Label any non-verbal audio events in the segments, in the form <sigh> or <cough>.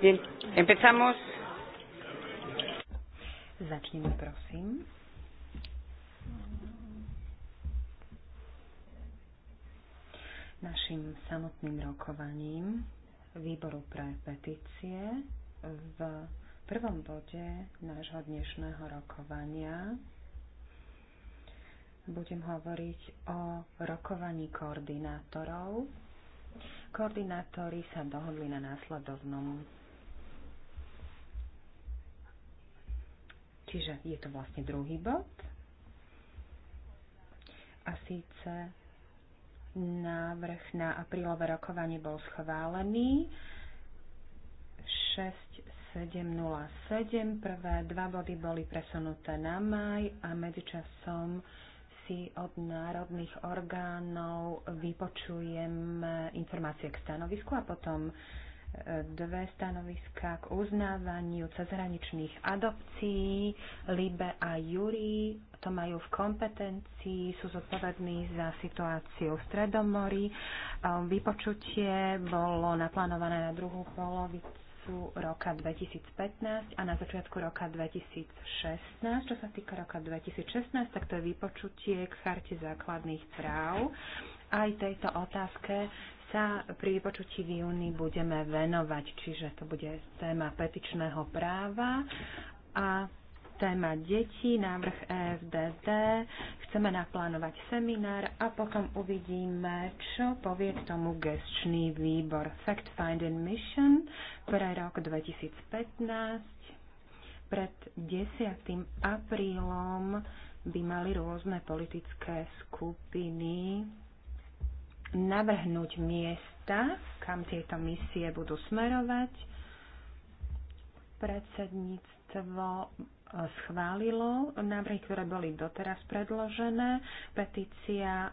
Bien, empezamos. Začneme, prosím. Našim samotným rokovaním výboru pre petície v prvom bode nášho dnešného rokovania budem hovoriť o rokovaní koordinátorov Koordinátori sa dohodli na následovnom. Čiže je to vlastne druhý bod. A síce návrh na aprílové rokovanie bol schválený. 6707. Prvé dva body boli presunuté na maj a medzičasom si od národných orgánov vypočujem informácie k stanovisku a potom e, dve stanoviska k uznávaniu cezhraničných adopcií. Libe a Juri to majú v kompetencii, sú zodpovední za situáciu v Stredomori, e, Vypočutie bolo naplánované na druhú polovicu koncu roka 2015 a na začiatku roka 2016. Čo sa týka roka 2016, tak to je vypočutie k charte základných práv. Aj tejto otázke sa pri vypočutí v júni budeme venovať, čiže to bude téma petičného práva a téma detí, návrh EFDD, chceme naplánovať seminár a potom uvidíme, čo povie k tomu gestčný výbor Fact Finding Mission pre rok 2015. Pred 10. aprílom by mali rôzne politické skupiny navrhnúť miesta, kam tieto misie budú smerovať. Predsedníctvo schválilo návrhy, ktoré boli doteraz predložené. Petícia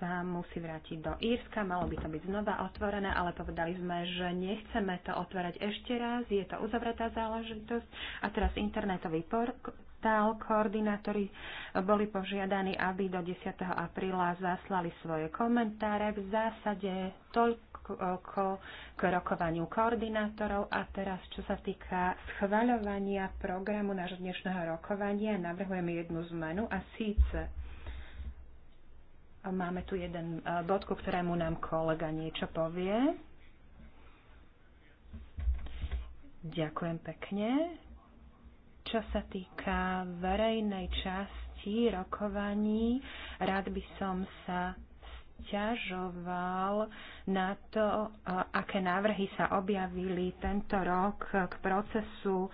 sa musí vrátiť do Írska, malo by to byť znova otvorené, ale povedali sme, že nechceme to otvárať ešte raz, je to uzavretá záležitosť a teraz internetový portál, koordinátori boli požiadaní, aby do 10. apríla zaslali svoje komentáre. V zásade toľko toľko k rokovaniu koordinátorov. A teraz, čo sa týka schvaľovania programu nášho dnešného rokovania, navrhujeme jednu zmenu a síce máme tu jeden e, bod, ku ktorému nám kolega niečo povie. Ďakujem pekne. Čo sa týka verejnej časti rokovaní, rád by som sa stiažoval na to, e, aké návrhy sa objavili tento rok k procesu e,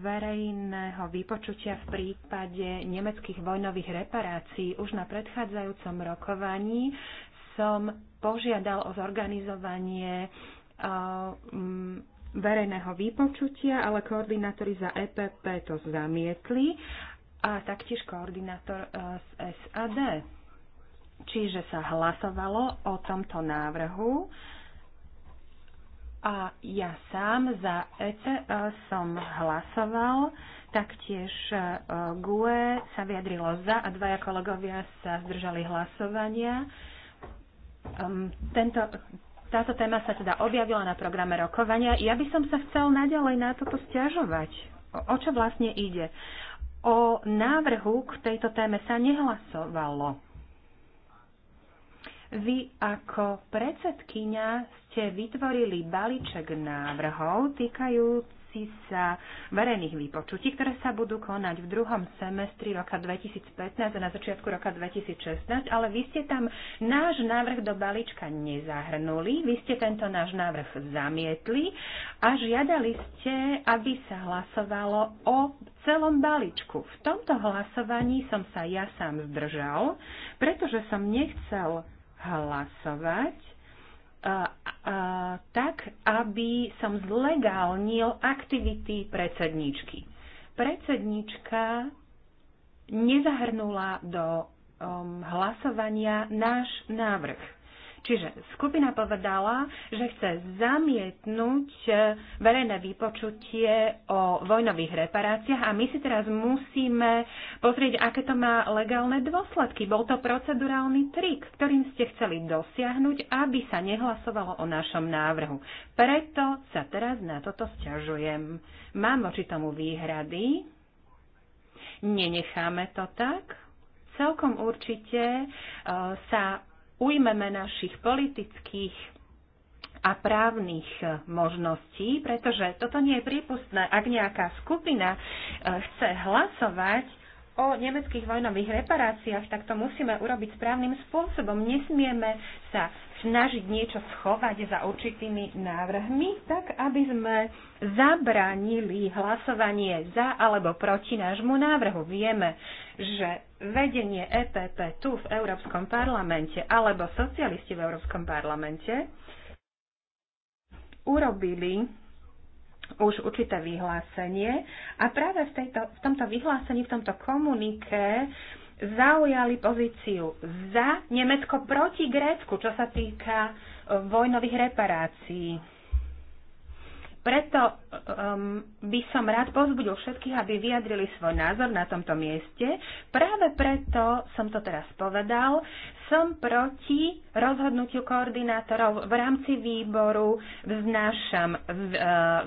verejného vypočutia v prípade nemeckých vojnových reparácií. Už na predchádzajúcom rokovaní som požiadal o zorganizovanie e, verejného výpočutia, ale koordinátori za EPP to zamietli a taktiež koordinátor z SAD. Čiže sa hlasovalo o tomto návrhu a ja sám za ECE e som hlasoval, taktiež e, GUE sa vyjadrilo za a dvaja kolegovia sa zdržali hlasovania. Tento, táto téma sa teda objavila na programe rokovania. Ja by som sa chcel naďalej na toto stiažovať. O, o čo vlastne ide? O návrhu k tejto téme sa nehlasovalo. Vy ako predsedkyňa ste vytvorili balíček návrhov týkajúci sa verejných výpočutí, ktoré sa budú konať v druhom semestri roka 2015 a na začiatku roka 2016, ale vy ste tam náš návrh do balíčka nezahrnuli, vy ste tento náš návrh zamietli a žiadali ste, aby sa hlasovalo o celom balíčku. V tomto hlasovaní som sa ja sám zdržal, pretože som nechcel hlasovať a, a, tak, aby som zlegálnil aktivity predsedničky. Predsednička nezahrnula do um, hlasovania náš návrh. Čiže skupina povedala, že chce zamietnúť e, verejné vypočutie o vojnových reparáciách a my si teraz musíme pozrieť, aké to má legálne dôsledky. Bol to procedurálny trik, ktorým ste chceli dosiahnuť, aby sa nehlasovalo o našom návrhu. Preto sa teraz na toto sťažujem. Mám voči tomu výhrady. Nenecháme to tak celkom určite e, sa ujmeme našich politických a právnych možností, pretože toto nie je prípustné. Ak nejaká skupina e, chce hlasovať o nemeckých vojnových reparáciách, tak to musíme urobiť správnym spôsobom. Nesmieme sa snažiť niečo schovať za určitými návrhmi, tak aby sme zabránili hlasovanie za alebo proti nášmu návrhu. Vieme, že vedenie EPP tu v Európskom parlamente alebo socialisti v Európskom parlamente urobili už určité vyhlásenie a práve v, tejto, v tomto vyhlásení, v tomto komunike zaujali pozíciu za Nemecko proti Grécku, čo sa týka e, vojnových reparácií. Preto um, by som rád pozbudil všetkých, aby vyjadrili svoj názor na tomto mieste. Práve preto som to teraz povedal som proti rozhodnutiu koordinátorov v rámci výboru, vznášam e,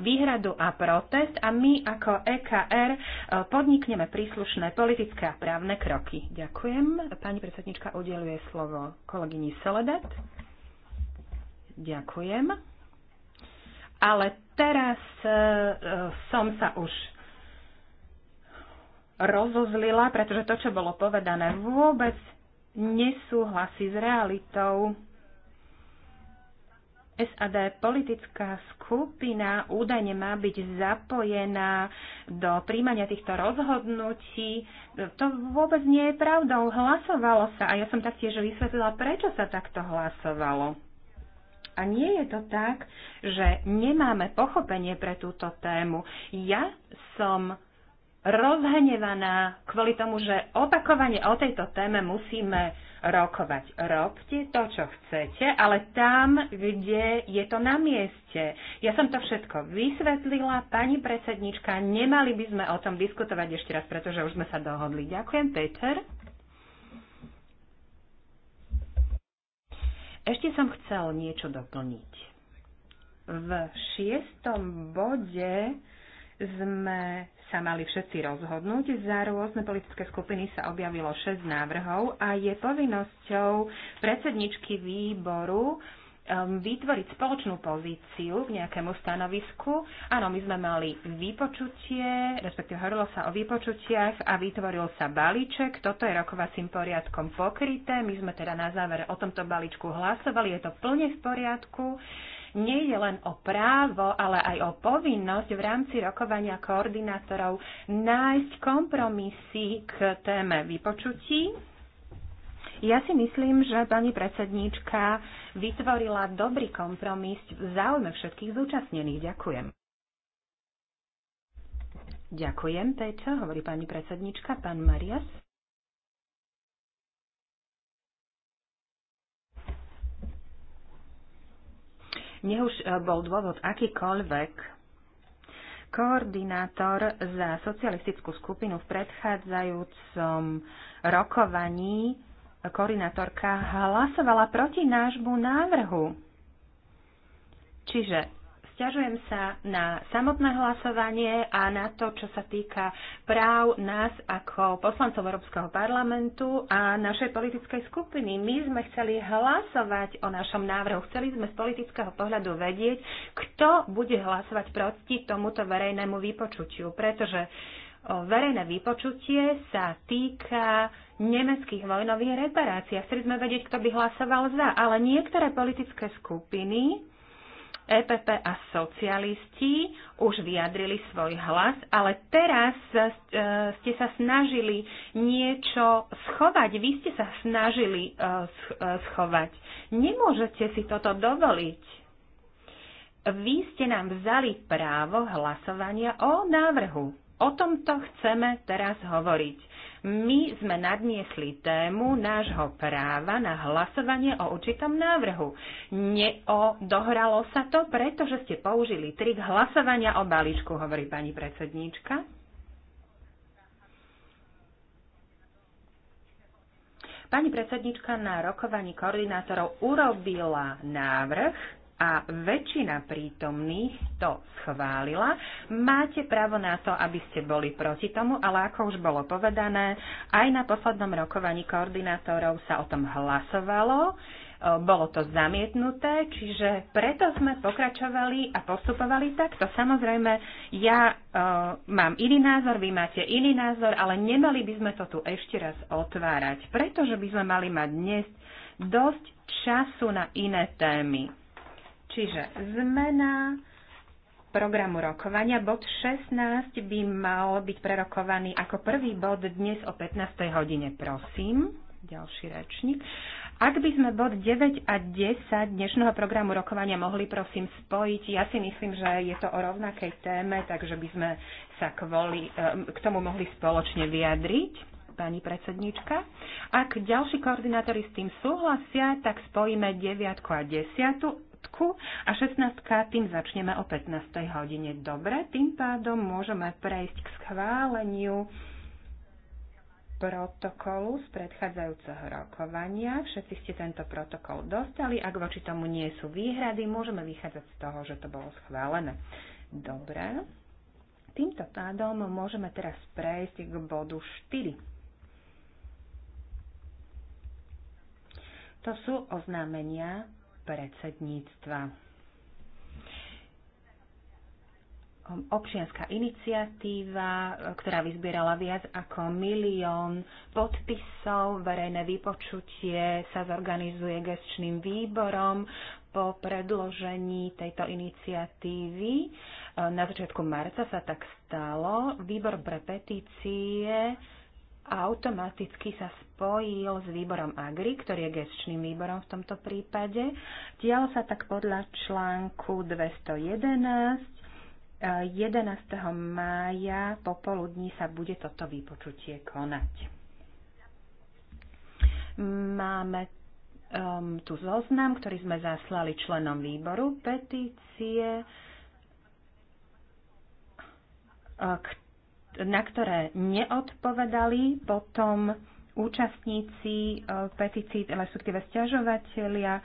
výhradu a protest a my ako EKR e, podnikneme príslušné politické a právne kroky. Ďakujem. Pani predsednička udeluje slovo kolegyni Soledad. Ďakujem. Ale teraz e, som sa už rozozlila, pretože to, čo bolo povedané, vôbec nesúhlasí s realitou. SAD politická skupina údajne má byť zapojená do príjmania týchto rozhodnutí. To vôbec nie je pravdou. Hlasovalo sa a ja som taktiež vysvetlila, prečo sa takto hlasovalo. A nie je to tak, že nemáme pochopenie pre túto tému. Ja som rozhnevaná kvôli tomu, že opakovane o tejto téme musíme rokovať. Robte to, čo chcete, ale tam, kde je to na mieste. Ja som to všetko vysvetlila, pani predsednička, nemali by sme o tom diskutovať ešte raz, pretože už sme sa dohodli. Ďakujem, Peter. Ešte som chcel niečo doplniť. V šiestom bode sme sa mali všetci rozhodnúť. Za rôzne politické skupiny sa objavilo 6 návrhov a je povinnosťou predsedničky výboru um, vytvoriť spoločnú pozíciu k nejakému stanovisku. Áno, my sme mali vypočutie, respektíve hovorilo sa o vypočutiach a vytvoril sa balíček. Toto je rokovacím poriadkom pokryté. My sme teda na záver o tomto balíčku hlasovali. Je to plne v poriadku. Uh, nie je len o právo, ale aj o povinnosť v rámci rokovania koordinátorov nájsť kompromisy k téme vypočutí. Ja si myslím, že pani predsedníčka vytvorila dobrý kompromis v záujme všetkých zúčastnených. Ďakujem. Ďakujem, Peťo, hovorí pani predsednička, pán Marias. nech eh, už bol dôvod akýkoľvek, koordinátor za socialistickú skupinu v predchádzajúcom rokovaní, koordinátorka hlasovala proti nášmu návrhu. Čiže Sťažujem sa na samotné hlasovanie a na to, čo sa týka práv nás ako poslancov Európskeho parlamentu a našej politickej skupiny. My sme chceli hlasovať o našom návrhu. Chceli sme z politického pohľadu vedieť, kto bude hlasovať proti tomuto verejnému vypočutiu, pretože verejné vypočutie sa týka nemeckých vojnových reparácií. Chceli sme vedieť, kto by hlasoval za, ale niektoré politické skupiny EPP a socialisti už vyjadrili svoj hlas, ale teraz e, ste sa snažili niečo schovať. Vy ste sa snažili e, e, schovať. Nemôžete si toto dovoliť. Vy ste nám vzali právo hlasovania o návrhu. O tomto chceme teraz hovoriť. My sme nadniesli tému nášho práva na hlasovanie o určitom návrhu. Neodohralo sa to, pretože ste použili trik hlasovania o balíčku, hovorí pani predsedníčka. Pani predsednička na rokovaní koordinátorov urobila návrh, a väčšina prítomných to schválila. Máte právo na to, aby ste boli proti tomu, ale ako už bolo povedané, aj na poslednom rokovaní koordinátorov sa o tom hlasovalo. E, bolo to zamietnuté, čiže preto sme pokračovali a postupovali takto. Samozrejme, ja uh, mám iný názor, vy máte iný názor, ale nemali by sme to tu ešte raz otvárať, pretože by sme mali mať dnes dosť času na iné témy. Čiže zmena programu rokovania. Bod 16 by mal byť prerokovaný ako prvý bod dnes o 15. hodine, prosím. Ďalší rečník. Ak by sme bod 9 a 10 dnešného programu rokovania mohli prosím spojiť, ja si myslím, že je to o rovnakej téme, takže by sme sa kvôli, ehm, k tomu mohli spoločne vyjadriť pani predsednička. Ak ďalší koordinátori s tým súhlasia, tak spojíme 9 a 10 a 16 tým začneme o 15. hodine. Dobre, tým pádom môžeme prejsť k schváleniu protokolu z predchádzajúceho rokovania. Všetci ste tento protokol dostali. Ak voči tomu nie sú výhrady, môžeme vychádzať z toho, že to bolo schválené. Dobre. Týmto pádom môžeme teraz prejsť k bodu 4. To sú oznámenia predsedníctva. občianská iniciatíva, ktorá vyzbierala viac ako milión podpisov. Verejné vypočutie sa zorganizuje gestčným výborom po predložení tejto iniciatívy. Na začiatku marca sa tak stalo. Výbor pre petície a automaticky sa spojil s výborom AGRI, ktorý je gestčným výborom v tomto prípade. Dialo sa tak podľa článku 211 11. mája popoludní sa bude toto vypočutie konať. Máme um, tu zoznam, ktorý sme zaslali členom výboru petície, uh, na ktoré neodpovedali potom účastníci e, petícií, respektíve stiažovateľia. E,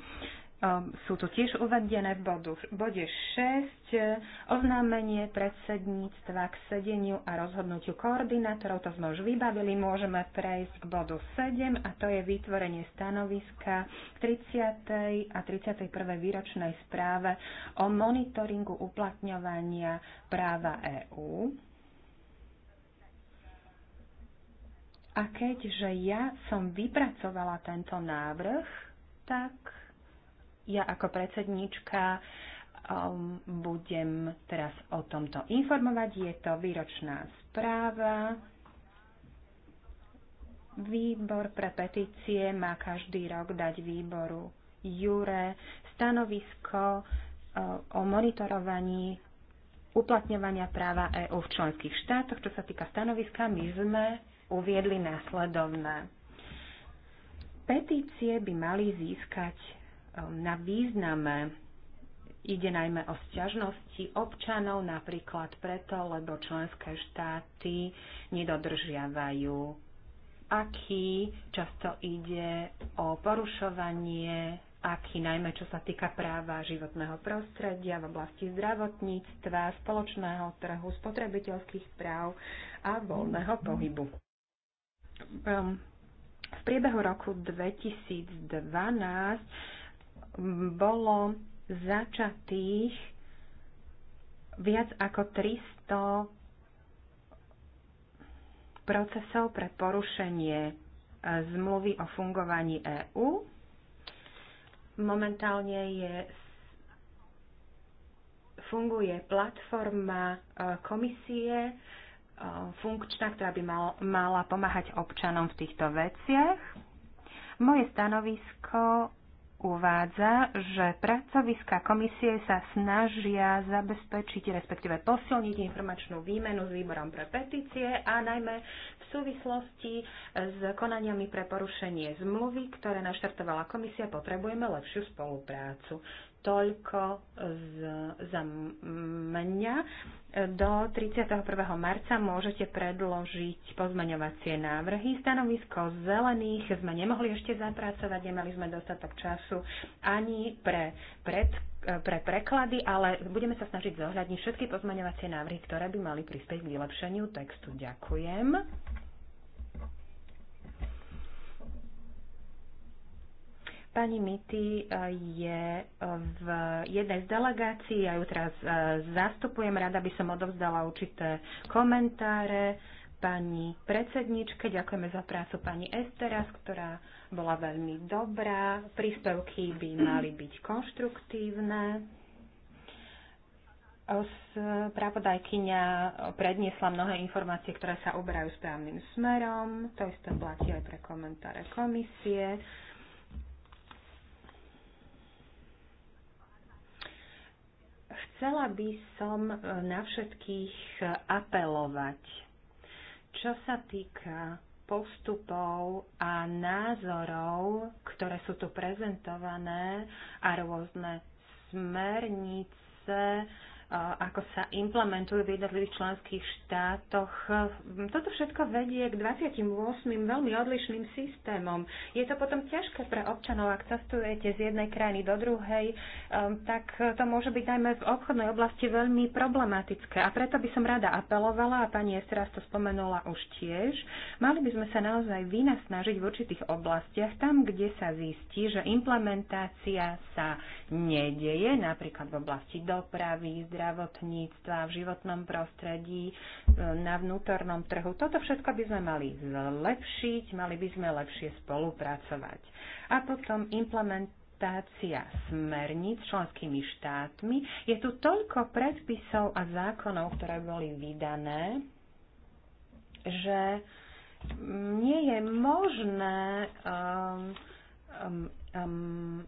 sú tu tiež uvedené v bodu, bode 6 e, oznámenie predsedníctva k sedeniu a rozhodnutiu koordinátorov. To sme už vybavili. Môžeme prejsť k bodu 7 a to je vytvorenie stanoviska k 30. a 31. výročnej správe o monitoringu uplatňovania práva EÚ. A keďže ja som vypracovala tento návrh, tak ja ako predsednička um, budem teraz o tomto informovať. Je to výročná správa. Výbor pre petície má každý rok dať výboru Jure stanovisko uh, o monitorovaní uplatňovania práva EÚ v členských štátoch. Čo sa týka stanoviska, my sme uviedli následovné. Petície by mali získať um, na význame Ide najmä o sťažnosti občanov napríklad preto, lebo členské štáty nedodržiavajú aký často ide o porušovanie aký najmä čo sa týka práva životného prostredia v oblasti zdravotníctva, spoločného trhu, spotrebiteľských práv a voľného pohybu. Ehm, v priebehu roku 2012 mm, bolo začatých viac ako 300 procesov pre porušenie e, zmluvy o fungovaní EÚ. Momentálne je, funguje platforma e, komisie, funkčná, ktorá by mal, mala pomáhať občanom v týchto veciach. Moje stanovisko uvádza, že pracoviská komisie sa snažia zabezpečiť, respektíve posilniť informačnú výmenu s výborom pre petície a najmä v súvislosti s konaniami pre porušenie zmluvy, ktoré naštartovala komisia, potrebujeme lepšiu spoluprácu toľko z, za mňa. Do 31. marca môžete predložiť pozmeňovacie návrhy. Stanovisko zelených sme nemohli ešte zapracovať, nemali sme dostatok času ani pre, pred, pre preklady, ale budeme sa snažiť zohľadniť všetky pozmeňovacie návrhy, ktoré by mali prispieť k vylepšeniu textu. Ďakujem. Pani Mity e, je e, v jednej z delegácií, ja ju teraz e, zastupujem, rada by som odovzdala určité komentáre pani predsedničke, ďakujeme za prácu pani Esteras, ktorá bola veľmi dobrá. Príspevky by mali byť konštruktívne. Pravodajkyňa predniesla mnohé informácie, ktoré sa uberajú správnym smerom. To isté platí aj pre komentáre komisie. Chcela by som e, na všetkých e, apelovať, čo sa týka postupov a názorov, ktoré sú tu prezentované a rôzne smernice, ako sa implementujú v jednotlivých členských štátoch. Toto všetko vedie k 28 veľmi odlišným systémom. Je to potom ťažké pre občanov, ak cestujete z jednej krajiny do druhej, um, tak to môže byť najmä v obchodnej oblasti veľmi problematické. A preto by som rada apelovala, a pani Esteras to spomenula už tiež, mali by sme sa naozaj vynasnažiť v určitých oblastiach, tam, kde sa zistí, že implementácia sa nedeje, napríklad v oblasti dopravy, zdravotníctva, v životnom prostredí, e, na vnútornom trhu. Toto všetko by sme mali zlepšiť, mali by sme lepšie spolupracovať. A potom implementácia smerníc členskými štátmi. Je tu toľko predpisov a zákonov, ktoré boli vydané, že nie je možné um, um, um,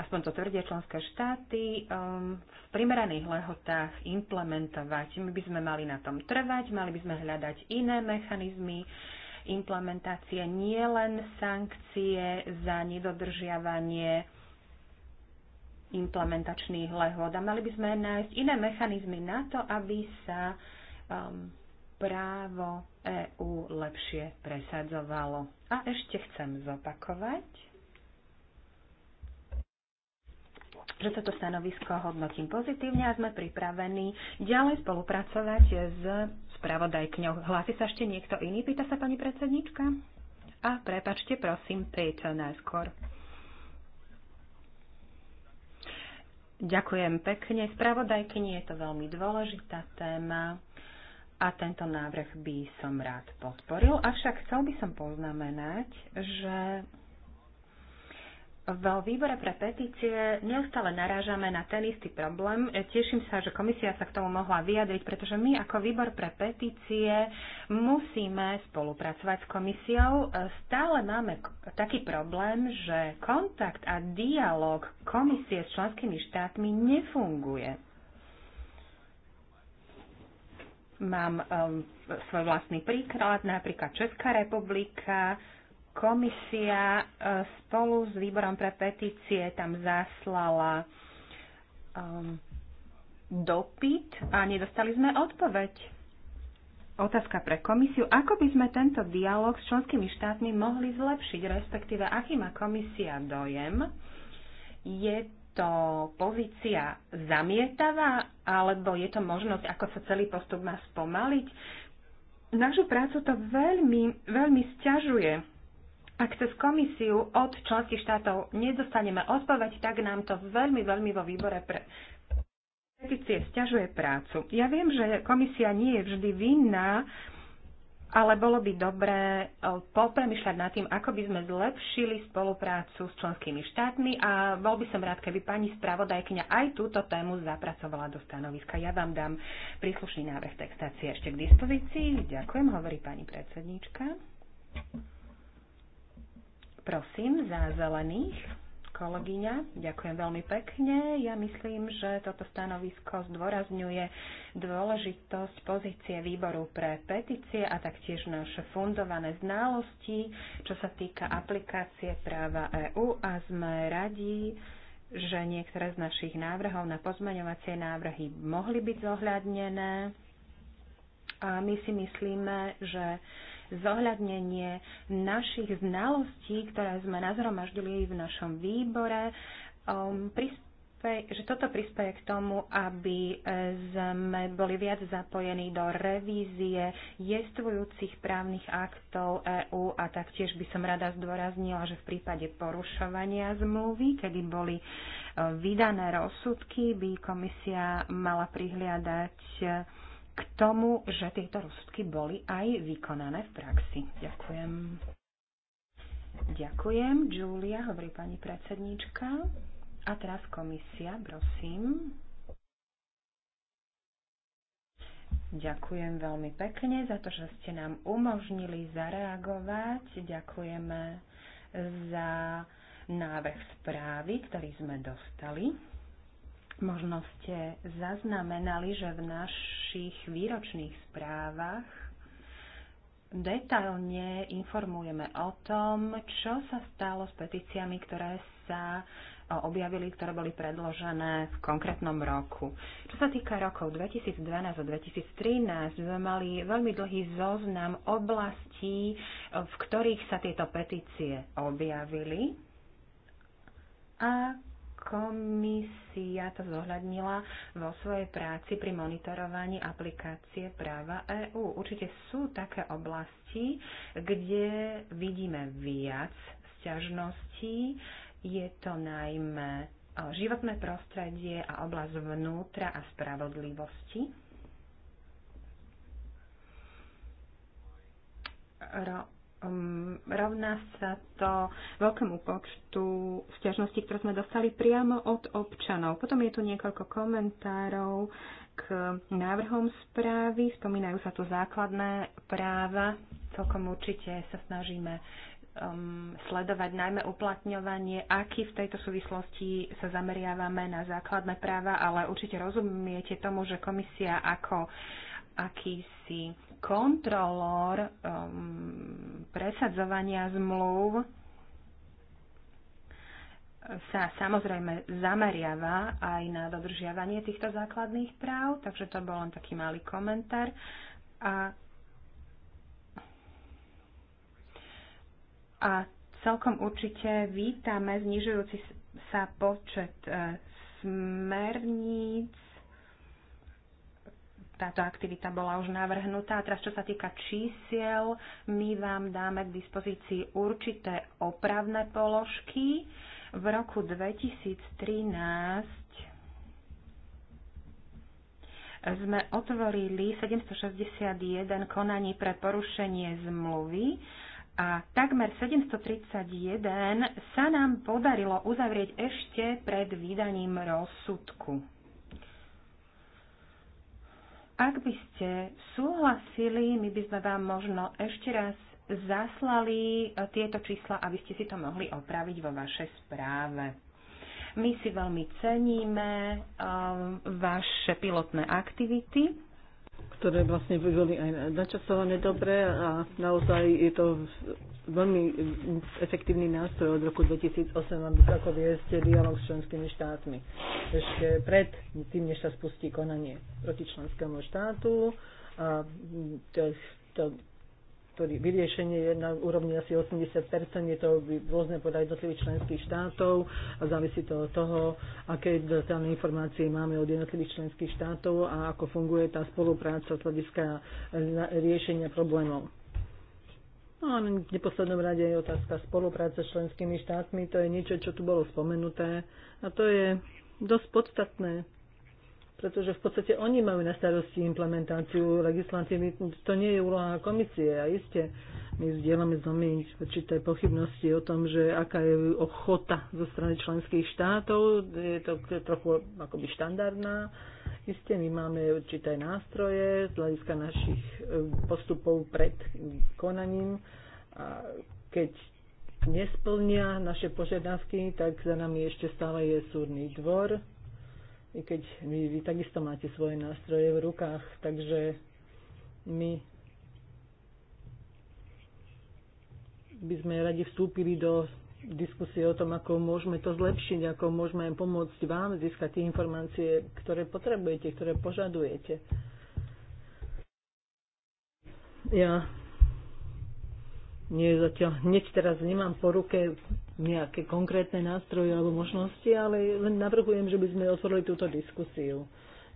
aspoň to tvrdia členské štáty, um, v primeraných lehotách implementovať. My by sme mali na tom trvať, mali by sme hľadať iné mechanizmy implementácie, nie len sankcie za nedodržiavanie implementačných lehod. A mali by sme nájsť iné mechanizmy na to, aby sa um, právo EÚ lepšie presadzovalo. A ešte chcem zopakovať, že to stanovisko hodnotím pozitívne a sme pripravení ďalej spolupracovať s spravodajkňou. Hlási sa ešte niekto iný? Pýta sa pani predsednička. A prepačte, prosím, Peter najskôr. Ďakujem pekne. Spravodajkyni je to veľmi dôležitá téma a tento návrh by som rád podporil. Avšak chcel by som poznamenať, že vo výbore pre petície neustále narážame na ten istý problém. Teším sa, že komisia sa k tomu mohla vyjadriť, pretože my ako výbor pre petície musíme spolupracovať s komisiou. Stále máme taký problém, že kontakt a dialog komisie s členskými štátmi nefunguje. Mám um, svoj vlastný príklad, napríklad Česká republika komisia e, spolu s výborom pre petície tam zaslala um, dopyt a nedostali sme odpoveď. Otázka pre komisiu. Ako by sme tento dialog s členskými štátmi mohli zlepšiť, respektíve aký má komisia dojem? Je to pozícia zamietavá, alebo je to možnosť, ako sa celý postup má spomaliť? Našu prácu to veľmi, veľmi sťažuje ak cez komisiu od členských štátov nedostaneme odpoveď, tak nám to veľmi, veľmi vo výbore pre petície stiažuje prácu. Ja viem, že komisia nie je vždy vinná, ale bolo by dobré eh, popremýšľať nad tým, ako by sme zlepšili spoluprácu s členskými štátmi a bol by som rád, keby pani spravodajkňa aj túto tému zapracovala do stanoviska. Ja vám dám príslušný návrh textácie ešte k dispozícii. Ďakujem, hovorí pani predsedníčka. Prosím, za zelených. Kolegyňa, ďakujem veľmi pekne. Ja myslím, že toto stanovisko zdôrazňuje dôležitosť pozície výboru pre petície a taktiež naše fundované znalosti, čo sa týka aplikácie práva EÚ a sme radi, že niektoré z našich návrhov na pozmeňovacie návrhy mohli byť zohľadnené. A my si myslíme, že zohľadnenie našich znalostí, ktoré sme nazhromaždili v našom výbore, um, že toto prispieje k tomu, aby e, sme boli viac zapojení do revízie jestvujúcich právnych aktov EÚ a taktiež by som rada zdôraznila, že v prípade porušovania zmluvy, kedy boli e, vydané rozsudky, by komisia mala prihliadať e, k tomu, že tieto rozsudky boli aj vykonané v praxi. Ďakujem. Ďakujem, Julia, hovorí pani predsedníčka. A teraz komisia, prosím. Ďakujem veľmi pekne za to, že ste nám umožnili zareagovať. Ďakujeme za návrh správy, ktorý sme dostali. Možno ste zaznamenali, že v našich výročných správach detailne informujeme o tom, čo sa stalo s petíciami, ktoré sa objavili, ktoré boli predložené v konkrétnom roku. Čo sa týka rokov 2012 a 2013, sme mali veľmi dlhý zoznam oblastí, v ktorých sa tieto petície objavili a komisia to zohľadnila vo svojej práci pri monitorovaní aplikácie práva EÚ. Určite sú také oblasti, kde vidíme viac sťažností. Je to najmä e, životné prostredie a oblasť vnútra a spravodlivosti. Ro- um, rovná sa to veľkému počtu stiažností, ktoré sme dostali priamo od občanov. Potom je tu niekoľko komentárov k návrhom správy. Spomínajú sa tu základné práva. Celkom určite sa snažíme um, sledovať najmä uplatňovanie, aký v tejto súvislosti sa zameriavame na základné práva, ale určite rozumiete tomu, že komisia ako akýsi kontrolór um, presadzovania zmluv sa samozrejme zameriava aj na dodržiavanie týchto základných práv, takže to bol len taký malý komentár. A, a celkom určite vítame znižujúci sa počet eh, smerníc táto aktivita bola už navrhnutá. A teraz, čo sa týka čísiel, my vám dáme k dispozícii určité opravné položky. V roku 2013 sme otvorili 761 konaní pre porušenie zmluvy a takmer 731 sa nám podarilo uzavrieť ešte pred vydaním rozsudku. Ak by ste súhlasili, my by sme vám možno ešte raz zaslali eh, tieto čísla, aby ste si to mohli opraviť vo vašej správe. My si veľmi ceníme um, vaše pilotné aktivity, ktoré vlastne boli aj načasované dobre a naozaj je to veľmi efektívny nástroj od roku 2008, aby sa ako viesť dialog s členskými štátmi. Ešte pred tým, než sa spustí konanie proti členskému štátu a to, to to vyriešenie je na úrovni asi 80%, je to rôzne podľa jednotlivých členských štátov a závisí to od toho, aké detailné informácie máme od jednotlivých členských štátov a ako funguje tá spolupráca z hľadiska e, riešenia problémov. No a v neposlednom rade je otázka spolupráce s členskými štátmi. To je niečo, čo tu bolo spomenuté. A to je dosť podstatné, pretože v podstate oni majú na starosti implementáciu legislatívy. To nie je úloha komisie a iste my vzdielame z určité pochybnosti o tom, že aká je ochota zo strany členských štátov. Je to trochu akoby štandardná Isté, my máme určité nástroje z hľadiska našich e, postupov pred konaním a keď nesplnia naše požiadavky, tak za nami ešte stále je súdny dvor. I keď vy, vy takisto máte svoje nástroje v rukách, takže my by sme radi vstúpili do diskusie o tom, ako môžeme to zlepšiť, ako môžeme pomôcť vám získať tie informácie, ktoré potrebujete, ktoré požadujete. Ja nie zatiaľ, hneď teraz nemám po ruke nejaké konkrétne nástroje alebo možnosti, ale len navrhujem, že by sme otvorili túto diskusiu.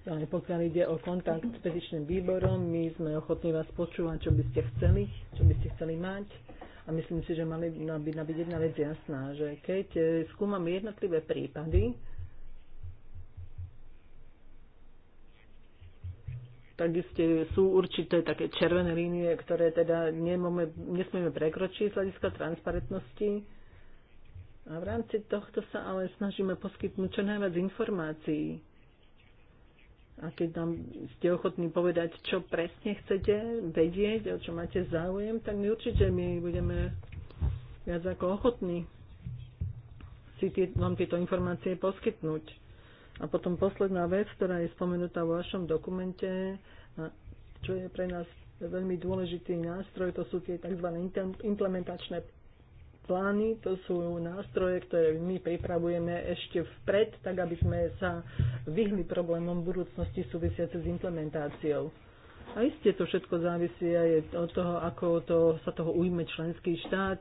Ale pokiaľ ide o kontakt s petičným výborom, my sme ochotní vás počúvať, čo by ste chceli, čo by ste chceli mať a myslím si, že mali by byť jedna vec jasná, že keď e, skúmame jednotlivé prípady, tak sú určité také červené línie, ktoré teda nemome, nesmieme prekročiť z hľadiska transparentnosti. A v rámci tohto sa ale snažíme poskytnúť čo najviac informácií a keď nám ste ochotní povedať, čo presne chcete vedieť, o čo máte záujem, tak my určite my budeme viac ako ochotní si tie, vám tieto informácie poskytnúť. A potom posledná vec, ktorá je spomenutá vo vašom dokumente, a čo je pre nás veľmi dôležitý nástroj, to sú tie tzv. implementačné plány, to sú nástroje, ktoré my pripravujeme ešte vpred, tak aby sme sa vyhli problémom budúcnosti súvisiace s implementáciou. A isté to všetko závisí aj od toho, ako to, sa toho ujme členský štát,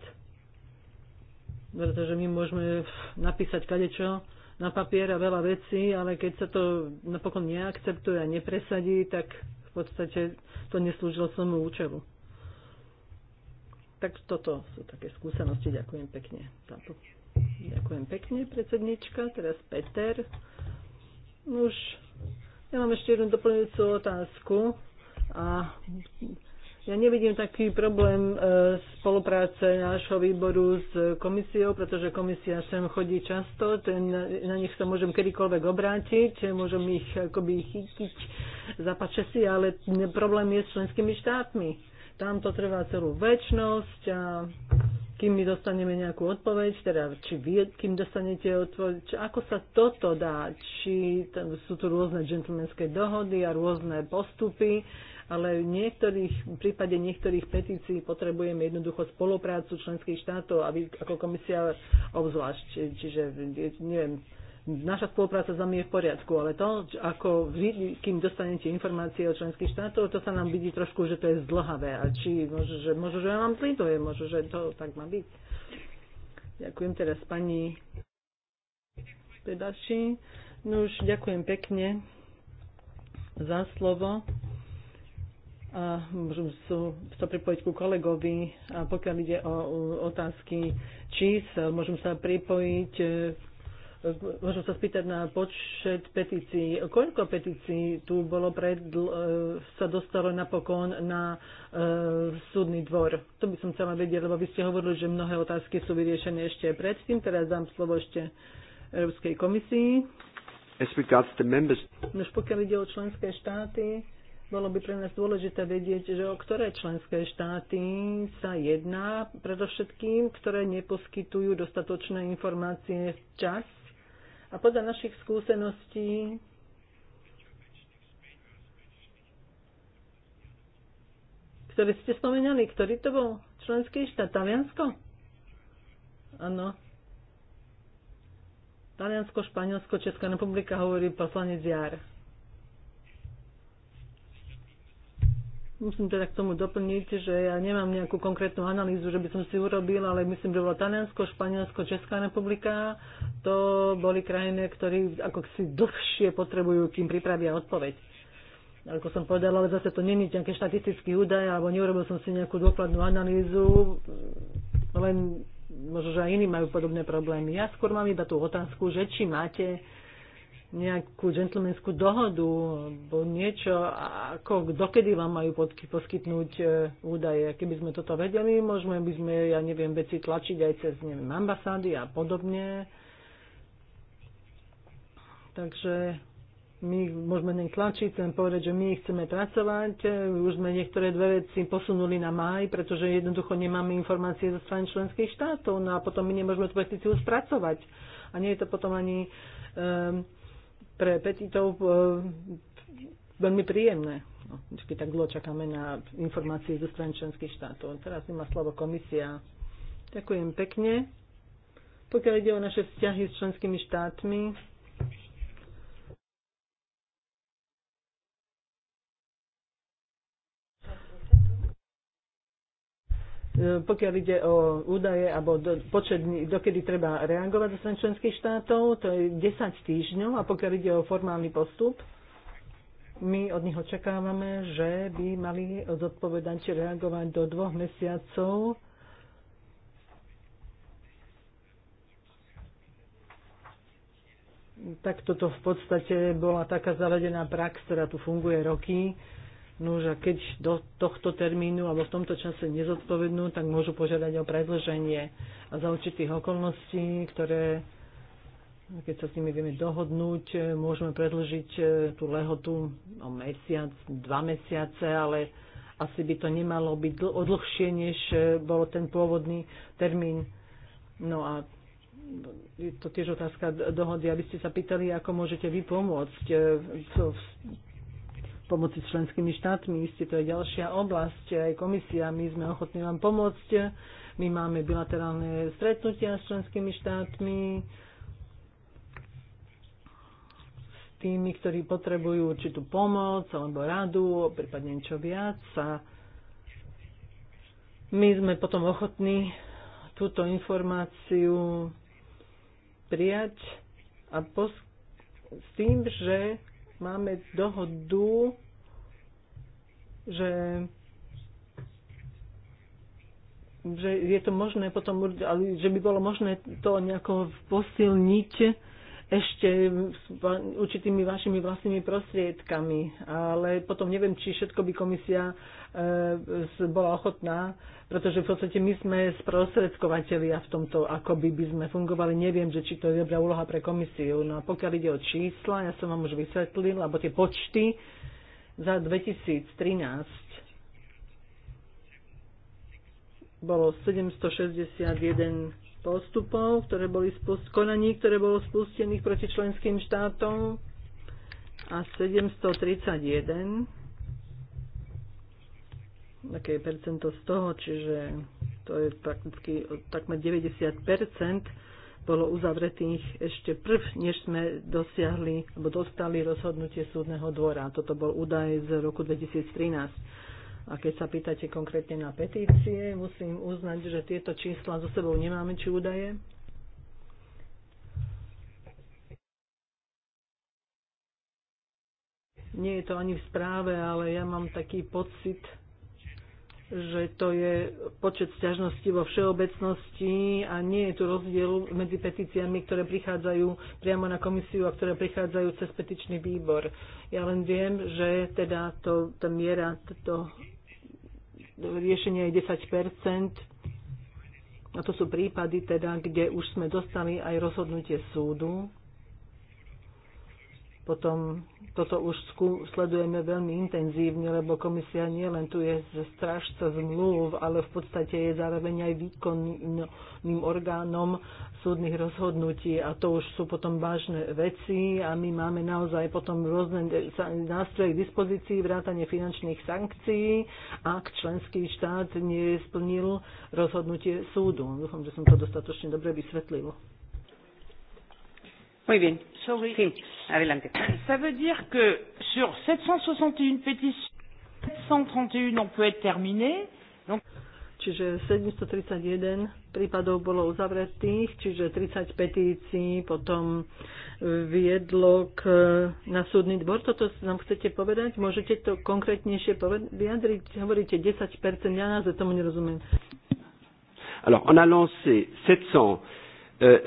pretože my môžeme napísať kadečo na papier a veľa vecí, ale keď sa to napokon neakceptuje a nepresadí, tak v podstate to neslúžilo svojmu účelu tak toto sú také skúsenosti. Ďakujem pekne. Táto. Ďakujem pekne, predsednička. Teraz Peter. No už ja mám ešte jednu doplňujúcu otázku a ja nevidím taký problém e, spolupráce nášho výboru s komisiou, pretože komisia sem chodí často, ten, na nich sa môžem kedykoľvek obrátiť, môžem ich akoby chytiť za pačesi, ale problém je s členskými štátmi tam to trvá celú väčnosť a kým my dostaneme nejakú odpoveď, teda či vy, kým dostanete odpoveď, či, ako sa toto dá, či tam sú tu rôzne džentlmenské dohody a rôzne postupy, ale v niektorých, v prípade niektorých petícií potrebujeme jednoducho spoluprácu členských štátov, aby, ako komisia obzvlášť, čiže neviem, naša spolupráca s nami je v poriadku, ale to, ako vy, kým dostanete informácie od členských štátov, to sa nám vidí trošku, že to je zdlhavé. A či možno, že, možno, že ja vám plýtujem, možno, že to tak má byť. Ďakujem teraz pani Pedaši. No už ďakujem pekne za slovo. A môžem sa pripojiť ku kolegovi. A pokiaľ ide o, o otázky čísel, môžem sa pripojiť e, môžem sa spýtať na počet petícií. Koľko petícií tu bolo pred, e, sa dostalo napokon na e, súdny dvor? To by som chcela vedieť, lebo vy ste hovorili, že mnohé otázky sú vyriešené ešte predtým. Teraz dám slovo ešte Európskej komisii. As regards the members. Nož pokiaľ ide o členské štáty, bolo by pre nás dôležité vedieť, že o ktoré členské štáty sa jedná, predovšetkým, ktoré neposkytujú dostatočné informácie včas a podľa našich skúseností ktorý ste spomenali, ktorý to bol členský štát? Taliansko? Áno. Taliansko, Španielsko, Česká republika, hovorí poslanec Jar. musím teda k tomu doplniť, že ja nemám nejakú konkrétnu analýzu, že by som si urobil, ale myslím, že bolo Taliansko, Španielsko, Česká republika. To boli krajiny, ktorí ako si dlhšie potrebujú, kým pripravia odpoveď. Ako som povedala, ale zase to není nejaké štatistický údaj, alebo neurobil som si nejakú dôkladnú analýzu, len možno, že aj iní majú podobné problémy. Ja skôr mám iba tú otázku, že či máte nejakú džentlmenskú dohodu alebo niečo, ako dokedy vám majú poskytnúť e, údaje. Keby sme toto vedeli, môžeme by sme, ja neviem, veci tlačiť aj cez neviem, ambasády a podobne. Takže my môžeme len tlačiť, chcem povedať, že my chceme pracovať. E, už sme niektoré dve veci posunuli na maj, pretože jednoducho nemáme informácie zo strany členských štátov, no a potom my nemôžeme tú petíciu spracovať. A nie je to potom ani um, pre petitov e, veľmi príjemné. No, vždy tak dlho čakáme na informácie zo strany členských štátov. Teraz nemá slovo komisia. Ďakujem pekne. Pokiaľ ide o naše vzťahy s členskými štátmi, E, pokiaľ ide o údaje alebo do, počet dní, dokedy treba reagovať zo strany členských štátov, to je 10 týždňov a pokiaľ ide o formálny postup, my od nich očakávame, že by mali zodpovedať reagovať do dvoch mesiacov. Tak toto v podstate bola taká zavedená prax, ktorá tu funguje roky No, keď do tohto termínu alebo v tomto čase nezodpovednú, tak môžu požiadať o predlženie. A za určitých okolností, ktoré keď sa s nimi vieme dohodnúť, môžeme predlžiť e, tú lehotu o mesiac, dva mesiace, ale asi by to nemalo byť dl- než e, bol ten pôvodný termín. No a je to tiež otázka dohody. Aby ste sa pýtali, ako môžete vy pomôcť e, v pomoci s členskými štátmi. Isté to je ďalšia oblasť. Aj komisia, my sme ochotní vám pomôcť. My máme bilaterálne stretnutia s členskými štátmi, s tými, ktorí potrebujú určitú pomoc alebo radu, prípadne niečo viac. A my sme potom ochotní túto informáciu prijať a pos- s tým, že máme dohodu, že že je to možné potom, ale že by bolo možné to nejako posilniť ešte s určitými vašimi vlastnými prostriedkami. Ale potom neviem, či všetko by komisia e, bola ochotná, pretože v podstate my sme sprostredkovateľia v tomto, ako by, by sme fungovali. Neviem, že či to je dobrá úloha pre komisiu. No a pokiaľ ide o čísla, ja som vám už vysvetlil, alebo tie počty za 2013 bolo 761 postupov, ktoré boli spust- konaní, ktoré bolo spustených proti členským štátom a 731 také percento z toho, čiže to je prakticky takmer 90 bolo uzavretých ešte prv, než sme dosiahli alebo dostali rozhodnutie súdneho dvora. Toto bol údaj z roku 2013. A keď sa pýtate konkrétne na petície, musím uznať, že tieto čísla so sebou nemáme, či údaje. Nie je to ani v správe, ale ja mám taký pocit, že to je počet sťažností vo všeobecnosti a nie je tu rozdiel medzi petíciami, ktoré prichádzajú priamo na komisiu a ktoré prichádzajú cez petičný výbor. Ja len viem, že teda to, tá miera to, riešenie je 10 A to sú prípady, teda, kde už sme dostali aj rozhodnutie súdu potom toto už sledujeme veľmi intenzívne, lebo komisia nie len tu je strážca zmluv, ale v podstate je zároveň aj výkonným orgánom súdnych rozhodnutí a to už sú potom vážne veci a my máme naozaj potom rôzne nástroje k dispozícii, vrátanie finančných sankcií, ak členský štát nesplnil rozhodnutie súdu. Dúfam, že som to dostatočne dobre vysvetlil. Muy bien. Sorry. Sí, adelante. Ça veut dire que sur 761 pétitions, 731 on peut être terminé. Donc... Čiže 731 prípadov bolo uzavretých, čiže 30 petícií potom e, viedlo k, e, na súdny dvor. Toto nám chcete povedať? Môžete to konkrétnejšie poved- vyjadriť? Hovoríte 10%, ja nás tomu nerozumiem. Alors, on a lancé 700 Eh,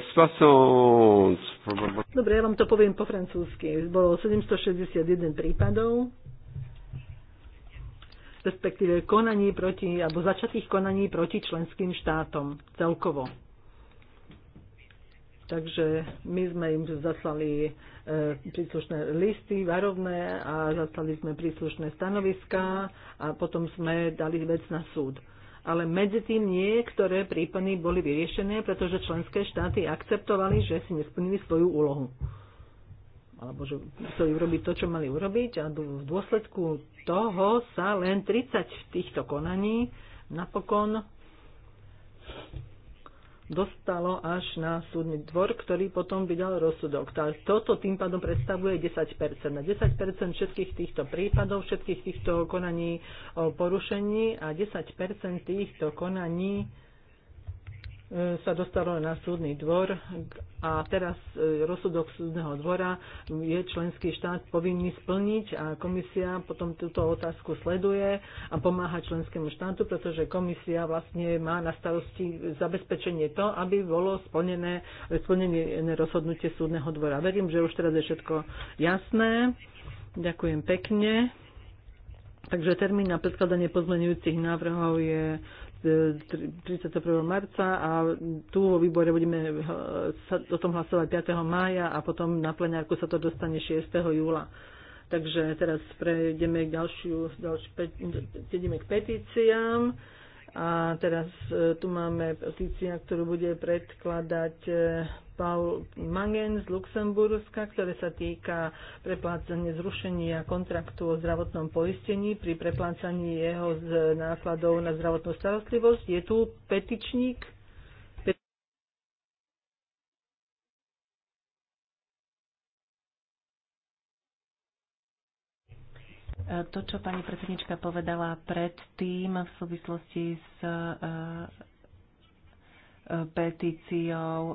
Dobre, ja vám to poviem po francúzsky. Bolo 761 prípadov, respektíve konaní proti, alebo začatých konaní proti členským štátom celkovo. Takže my sme im zaslali e, príslušné listy varovné a zaslali sme príslušné stanoviská a potom sme dali vec na súd ale medzi tým niektoré prípady boli vyriešené, pretože členské štáty akceptovali, že si nesplnili svoju úlohu. Alebo že chceli urobiť to, čo mali urobiť a v dôsledku toho sa len 30 týchto konaní napokon dostalo až na súdny dvor, ktorý potom vydal rozsudok. Tak toto tým pádom predstavuje 10%. Na 10% všetkých týchto prípadov, všetkých týchto konaní o porušení a 10% týchto konaní E, sa dostalo na súdny dvor a teraz e, rozsudok súdneho dvora je členský štát povinný splniť a komisia potom túto otázku sleduje a pomáha členskému štátu, pretože komisia vlastne má na starosti zabezpečenie to, aby bolo splnené, splnené rozhodnutie súdneho dvora. Verím, že už teraz je všetko jasné. Ďakujem pekne. Takže termín na predkladanie pozmenujúcich návrhov je 31. E, marca a tu vo výbore budeme e, o tom hlasovať 5. mája a potom na plenárku sa to dostane 6. júla. Takže teraz prejdeme k ďalšiu, ďalšiu, k petíciám. A teraz e, tu máme petícia, ktorú bude predkladať e, Paul Mangen z Luxemburska, ktoré sa týka preplácania zrušenia kontraktu o zdravotnom poistení pri preplácaní jeho z nákladov na zdravotnú starostlivosť. Je tu petičník? To, čo pani predsednička povedala predtým v súvislosti s e, e, petíciou e,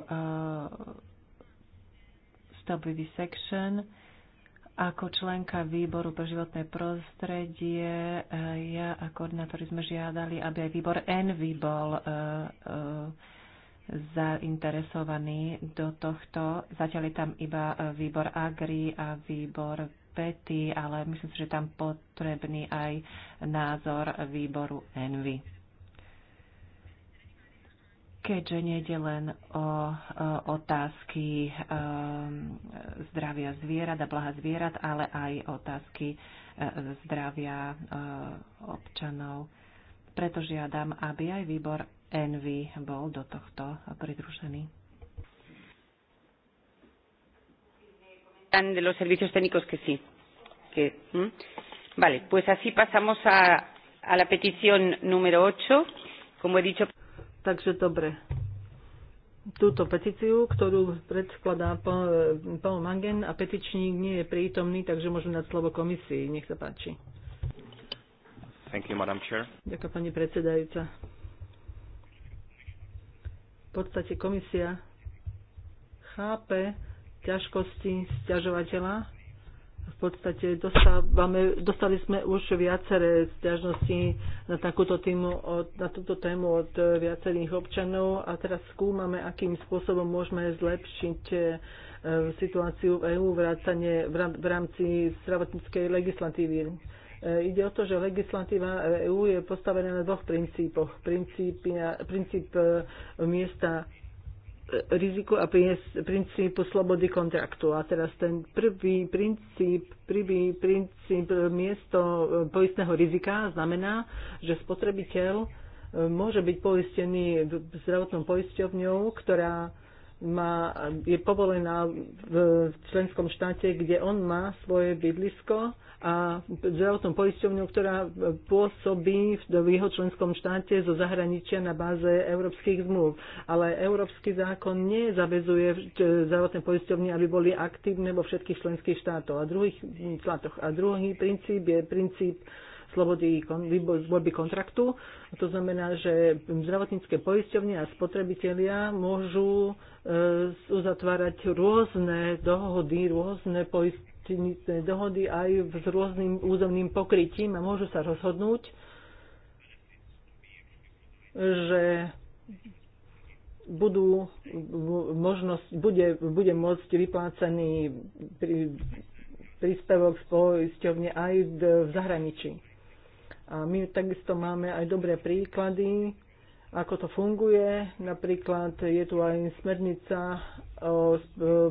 Stop Vivisection, ako členka výboru pre životné prostredie, ja a koordinátori sme žiadali, aby aj výbor Envy bol zainteresovaný do tohto. Zatiaľ je tam iba výbor Agri a výbor Pety, ale myslím si, že tam potrebný aj názor výboru Envy. Keďže nejde len o otázky ehm, zdravia zvierat a blaha zvierat, ale aj otázky e, zdravia e, občanov. Preto žiadam, aby aj výbor Envy bol do tohto pridružený. están de los servicios técnicos que sí. Que, ¿m? Vale, pues así pasamos a, a la petición número 8. Como he dicho... Takže dobre. Túto petíciu, ktorú predkladá Paul Mangen a petičník nie je prítomný, takže môžem dať slovo komisii. Nech sa páči. Thank you, Madam Chair. Ďakujem, pani predsedajúca. V podstate komisia chápe, ťažkosti sťažovateľa. V podstate dostávame, dostali sme už viaceré sťažnosti na, takúto od, na túto tému od viacerých občanov a teraz skúmame, akým spôsobom môžeme zlepšiť e, situáciu v EÚ v rámci zdravotníckej legislatívy. E, ide o to, že legislatíva EÚ je postavená na dvoch princípoch. Princíp, princíp e, miesta riziku a princípu slobody kontraktu. A teraz ten prvý princíp, prvý princíp e, miesto e, poistného rizika znamená, že spotrebiteľ e, môže byť poistený zdravotnou poisťovňou, ktorá má, je povolená v členskom štáte, kde on má svoje bydlisko a zdravotnou poisťovňou, ktorá pôsobí v jeho členskom štáte zo zahraničia na báze európskych zmluv. Ale európsky zákon nezavezuje e, zdravotné poisťovne, aby boli aktívne vo všetkých členských štátoch. A druhých štátoch. A druhý princíp je princíp slobody voľby kontraktu. To znamená, že zdravotnícke poisťovne a spotrebitelia môžu e, uzatvárať rôzne dohody, rôzne poistné dohody aj s rôznym územným pokrytím a môžu sa rozhodnúť, že budú možnosť, bude, bude môcť vyplácaný príspevok z aj v zahraničí. A my takisto máme aj dobré príklady, ako to funguje. Napríklad je tu aj smernica o e,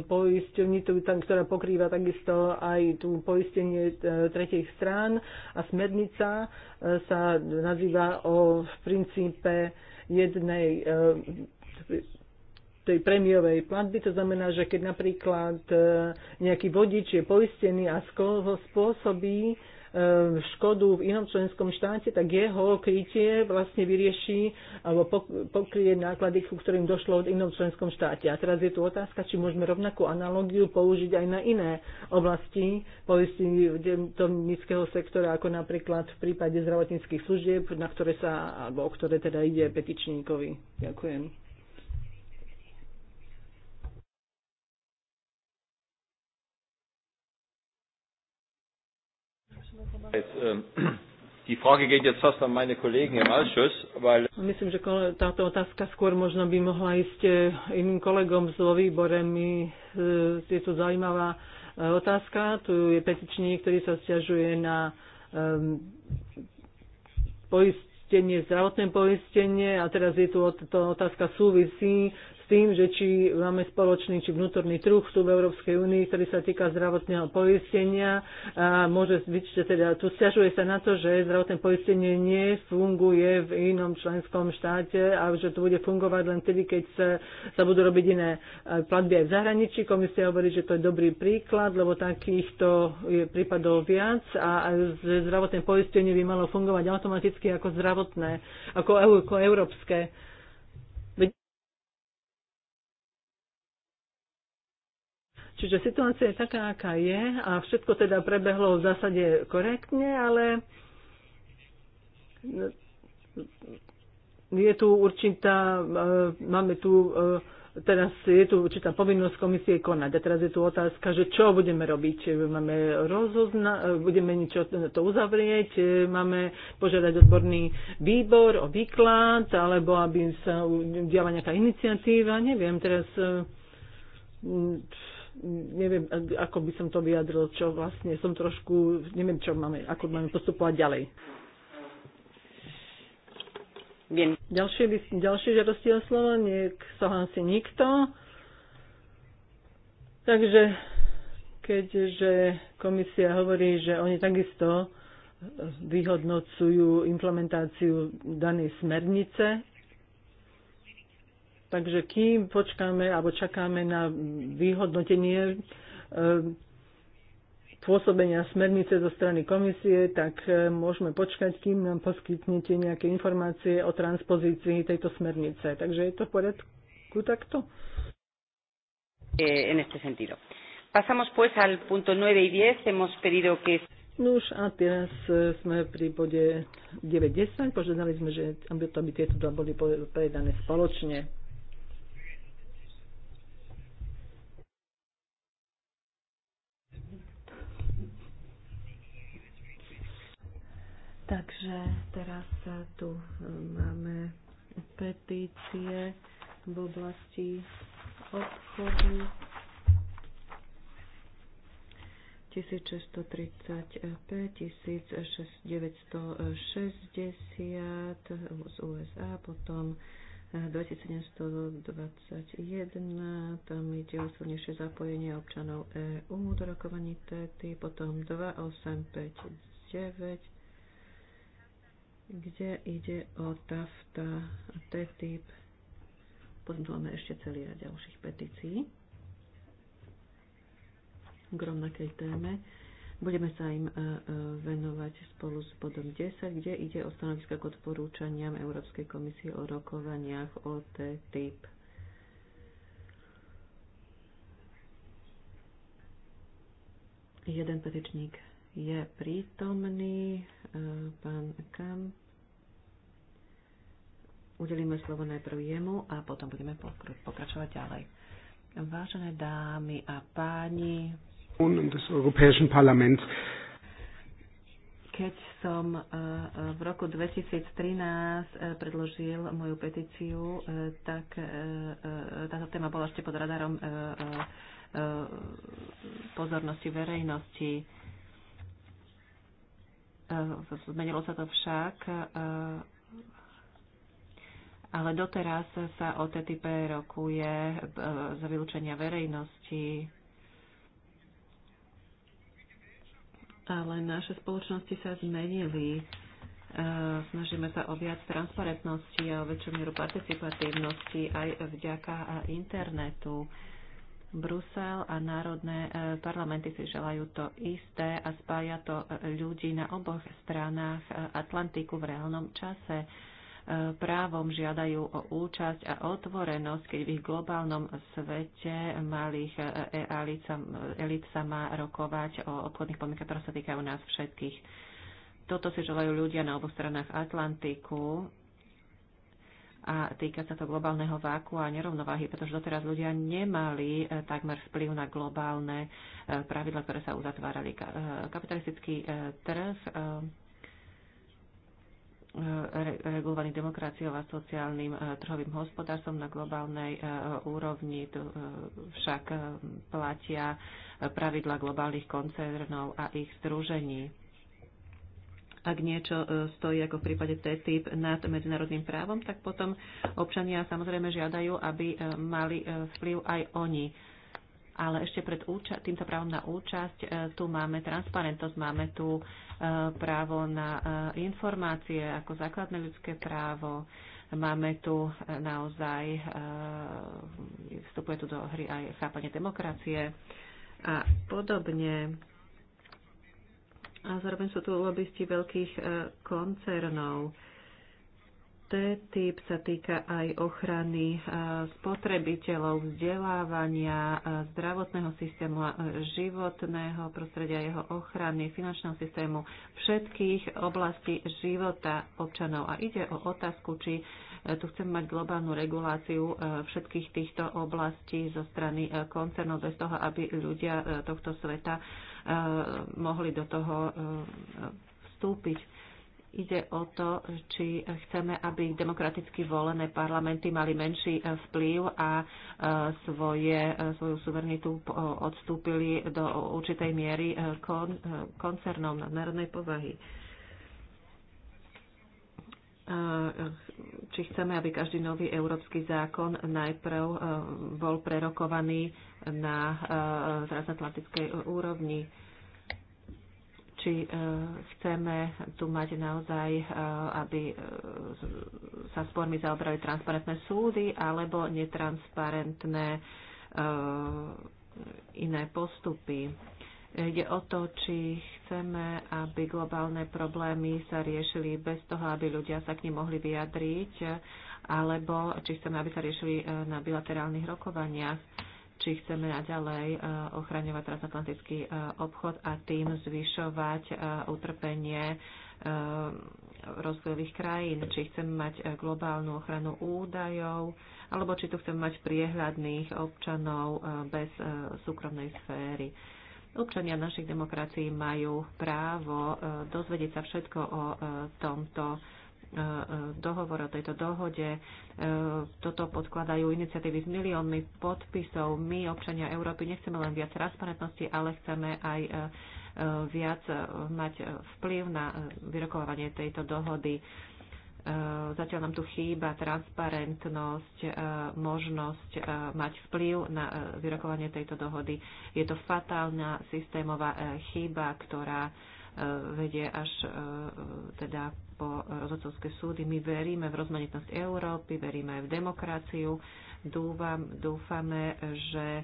poistení, ktorá pokrýva takisto aj tu poistenie e, tretich strán a smernica e, sa nazýva o v princípe jednej tej premiovej platby. To znamená, že keď napríklad nejaký vodič je poistený a z spôsobí, E, škodu v inom členskom štáte, tak jeho krytie vlastne vyrieši alebo pokrie náklady, ku ktorým došlo v inom členskom štáte. A teraz je tu otázka, či môžeme rovnakú analógiu použiť aj na iné oblasti nízkeho sektora, ako napríklad v prípade zdravotníckých služieb, na ktoré sa, alebo o ktoré teda ide petičníkovi. Ďakujem. Ähm, <clears throat> Myslím, že táto otázka skôr možno by mohla ísť e, iným kolegom z výbore. My, e, je tu zaujímavá e, otázka. Tu je petičný, ktorý sa stiažuje na poistenie, zdravotné poistenie a teraz je tu otázka súvisí tým, že či máme spoločný či vnútorný trh tu v Európskej únii, ktorý sa týka zdravotného poistenia. A môže byť, že teda tu stiažuje sa na to, že zdravotné poistenie nefunguje v inom členskom štáte a že to bude fungovať len tedy, keď sa, sa budú robiť iné e, platby aj v zahraničí. Komisia hovorí, že to je dobrý príklad, lebo takýchto je prípadov viac a zdravotné poistenie by malo fungovať automaticky ako zdravotné, ako, ako európske. Čiže situácia je taká, aká je a všetko teda prebehlo v zásade korektne, ale je tu určitá, e, máme tu e, teraz je tu určitá povinnosť komisie konať. A teraz je tu otázka, že čo budeme robiť. Máme rozozna, e, budeme niečo to uzavrieť, máme požiadať odborný výbor o výklad, alebo aby sa udiala nejaká iniciatíva, neviem, teraz neviem, ako by som to vyjadril, čo vlastne som trošku, neviem, čo máme, ako máme postupovať ďalej. Viem. Ďalšie, ďalšie žiadosti o slovo, nesahám si nikto. Takže keďže komisia hovorí, že oni takisto vyhodnocujú implementáciu danej smernice Takže kým počkáme alebo čakáme na vyhodnotenie e, pôsobenia smernice zo strany komisie, tak e, môžeme počkať, kým nám poskytnete nejaké informácie o transpozícii tejto smernice. Takže je to v poriadku takto? E, en este sentido. Pasamos pues al punto 9 y 10. Hemos pedido que... No už a teraz sme pri bode 9.10. Požiadali sme, že aby tieto dva boli predané spoločne. Takže teraz tu máme petície v oblasti obchodu 1635, 1960 z USA, potom 2721, tam ide o silnejšie zapojenie občanov EÚ do rokovaní TETI, potom 2859, kde ide o TAFTA a TTIP. Potom tu máme ešte celý rad ďalších petícií k rovnakej téme. Budeme sa im e, e, venovať spolu s bodom 10, kde ide o stanoviska k odporúčaniam Európskej komisie o rokovaniach o TTIP. Jeden petičník je prítomný, e, pán Kamp, Udelíme slovo najprv jemu a potom budeme pokračovať ďalej. Vážené dámy a páni, des Europäischen Parlaments. Keď som e, e, v roku 2013 e, predložil moju petíciu, tak táto téma bola ešte pod radarom pozornosti verejnosti. Zmenilo sa to však ale doteraz sa o TTIP rokuje e, za vylúčenia verejnosti, ale naše spoločnosti sa zmenili. E, snažíme sa o viac transparentnosti a o väčšiu mieru participatívnosti aj vďaka internetu. Brusel a národné e, parlamenty si želajú to isté a spája to ľudí na oboch stranách Atlantiku v reálnom čase právom žiadajú o účasť a otvorenosť, keď v ich globálnom svete malých elit sa má rokovať o obchodných podmienkach, ktoré sa týkajú nás všetkých. Toto si želajú ľudia na oboch stranách Atlantiku a týka sa to globálneho váku a nerovnováhy, pretože doteraz ľudia nemali eh, takmer vplyv na globálne eh, pravidla, ktoré sa uzatvárali. Eh, kapitalistický trh E, regulovaný demokraciou a sociálnym e, trhovým hospodárstvom na globálnej e, úrovni. Tu však platia pravidla globálnych koncernov a ich združení. Ak niečo stojí, ako v prípade TTIP, nad medzinárodným právom, tak potom občania samozrejme žiadajú, aby mali vplyv aj oni ale ešte pred týmto právom na účasť e, tu máme transparentnosť, máme tu e, právo na e, informácie ako základné ľudské právo, máme tu naozaj, vstupuje tu do hry aj chápanie demokracie a podobne. A zároveň sú tu lobbysti veľkých koncernov. Typ sa týka aj ochrany spotrebiteľov, vzdelávania, zdravotného systému a životného prostredia, jeho ochrany, finančného systému, všetkých oblastí života občanov. A ide o otázku, či e, tu chcem mať globálnu reguláciu e, všetkých týchto oblastí zo strany e, koncernov, bez toho, aby ľudia tohto sveta mohli do toho vstúpiť Ide o to, či chceme, aby demokraticky volené parlamenty mali menší eh, vplyv a eh, svoje, eh, svoju suverenitu odstúpili do určitej miery kon, koncernom nadnárodnej povahy. Či chceme, aby každý nový európsky zákon najprv bol prerokovaný na transatlantickej úrovni či e, chceme tu mať naozaj, e, aby e, sa spormi zaobrali transparentné súdy alebo netransparentné iné postupy. Ide o to, či chceme, aby globálne problémy sa riešili bez toho, aby ľudia sa k nim mohli vyjadriť, alebo či chceme, aby sa riešili na bilaterálnych rokovaniach či chceme naďalej e, ochraňovať transatlantický e, obchod a tým zvyšovať e, utrpenie rozvojových krajín, či chceme mať globálnu ochranu údajov, alebo či tu chceme mať priehľadných občanov bez súkromnej sféry. Občania našich demokracií majú právo dozvedieť sa všetko o tomto dohovor o tejto dohode. E, toto podkladajú iniciatívy s miliónmi podpisov. My, občania Európy, nechceme len viac transparentnosti, ale chceme aj e, e, viac mať vplyv na vyrokovanie tejto dohody. Zatiaľ nám tu chýba transparentnosť, možnosť mať vplyv na vyrokovanie tejto dohody. Je to fatálna systémová chyba, ktorá E, vedie až e, teda po rozhodcovské súdy. My veríme v rozmanitnosť Európy, veríme aj v demokraciu. Dúfam, dúfame, že e,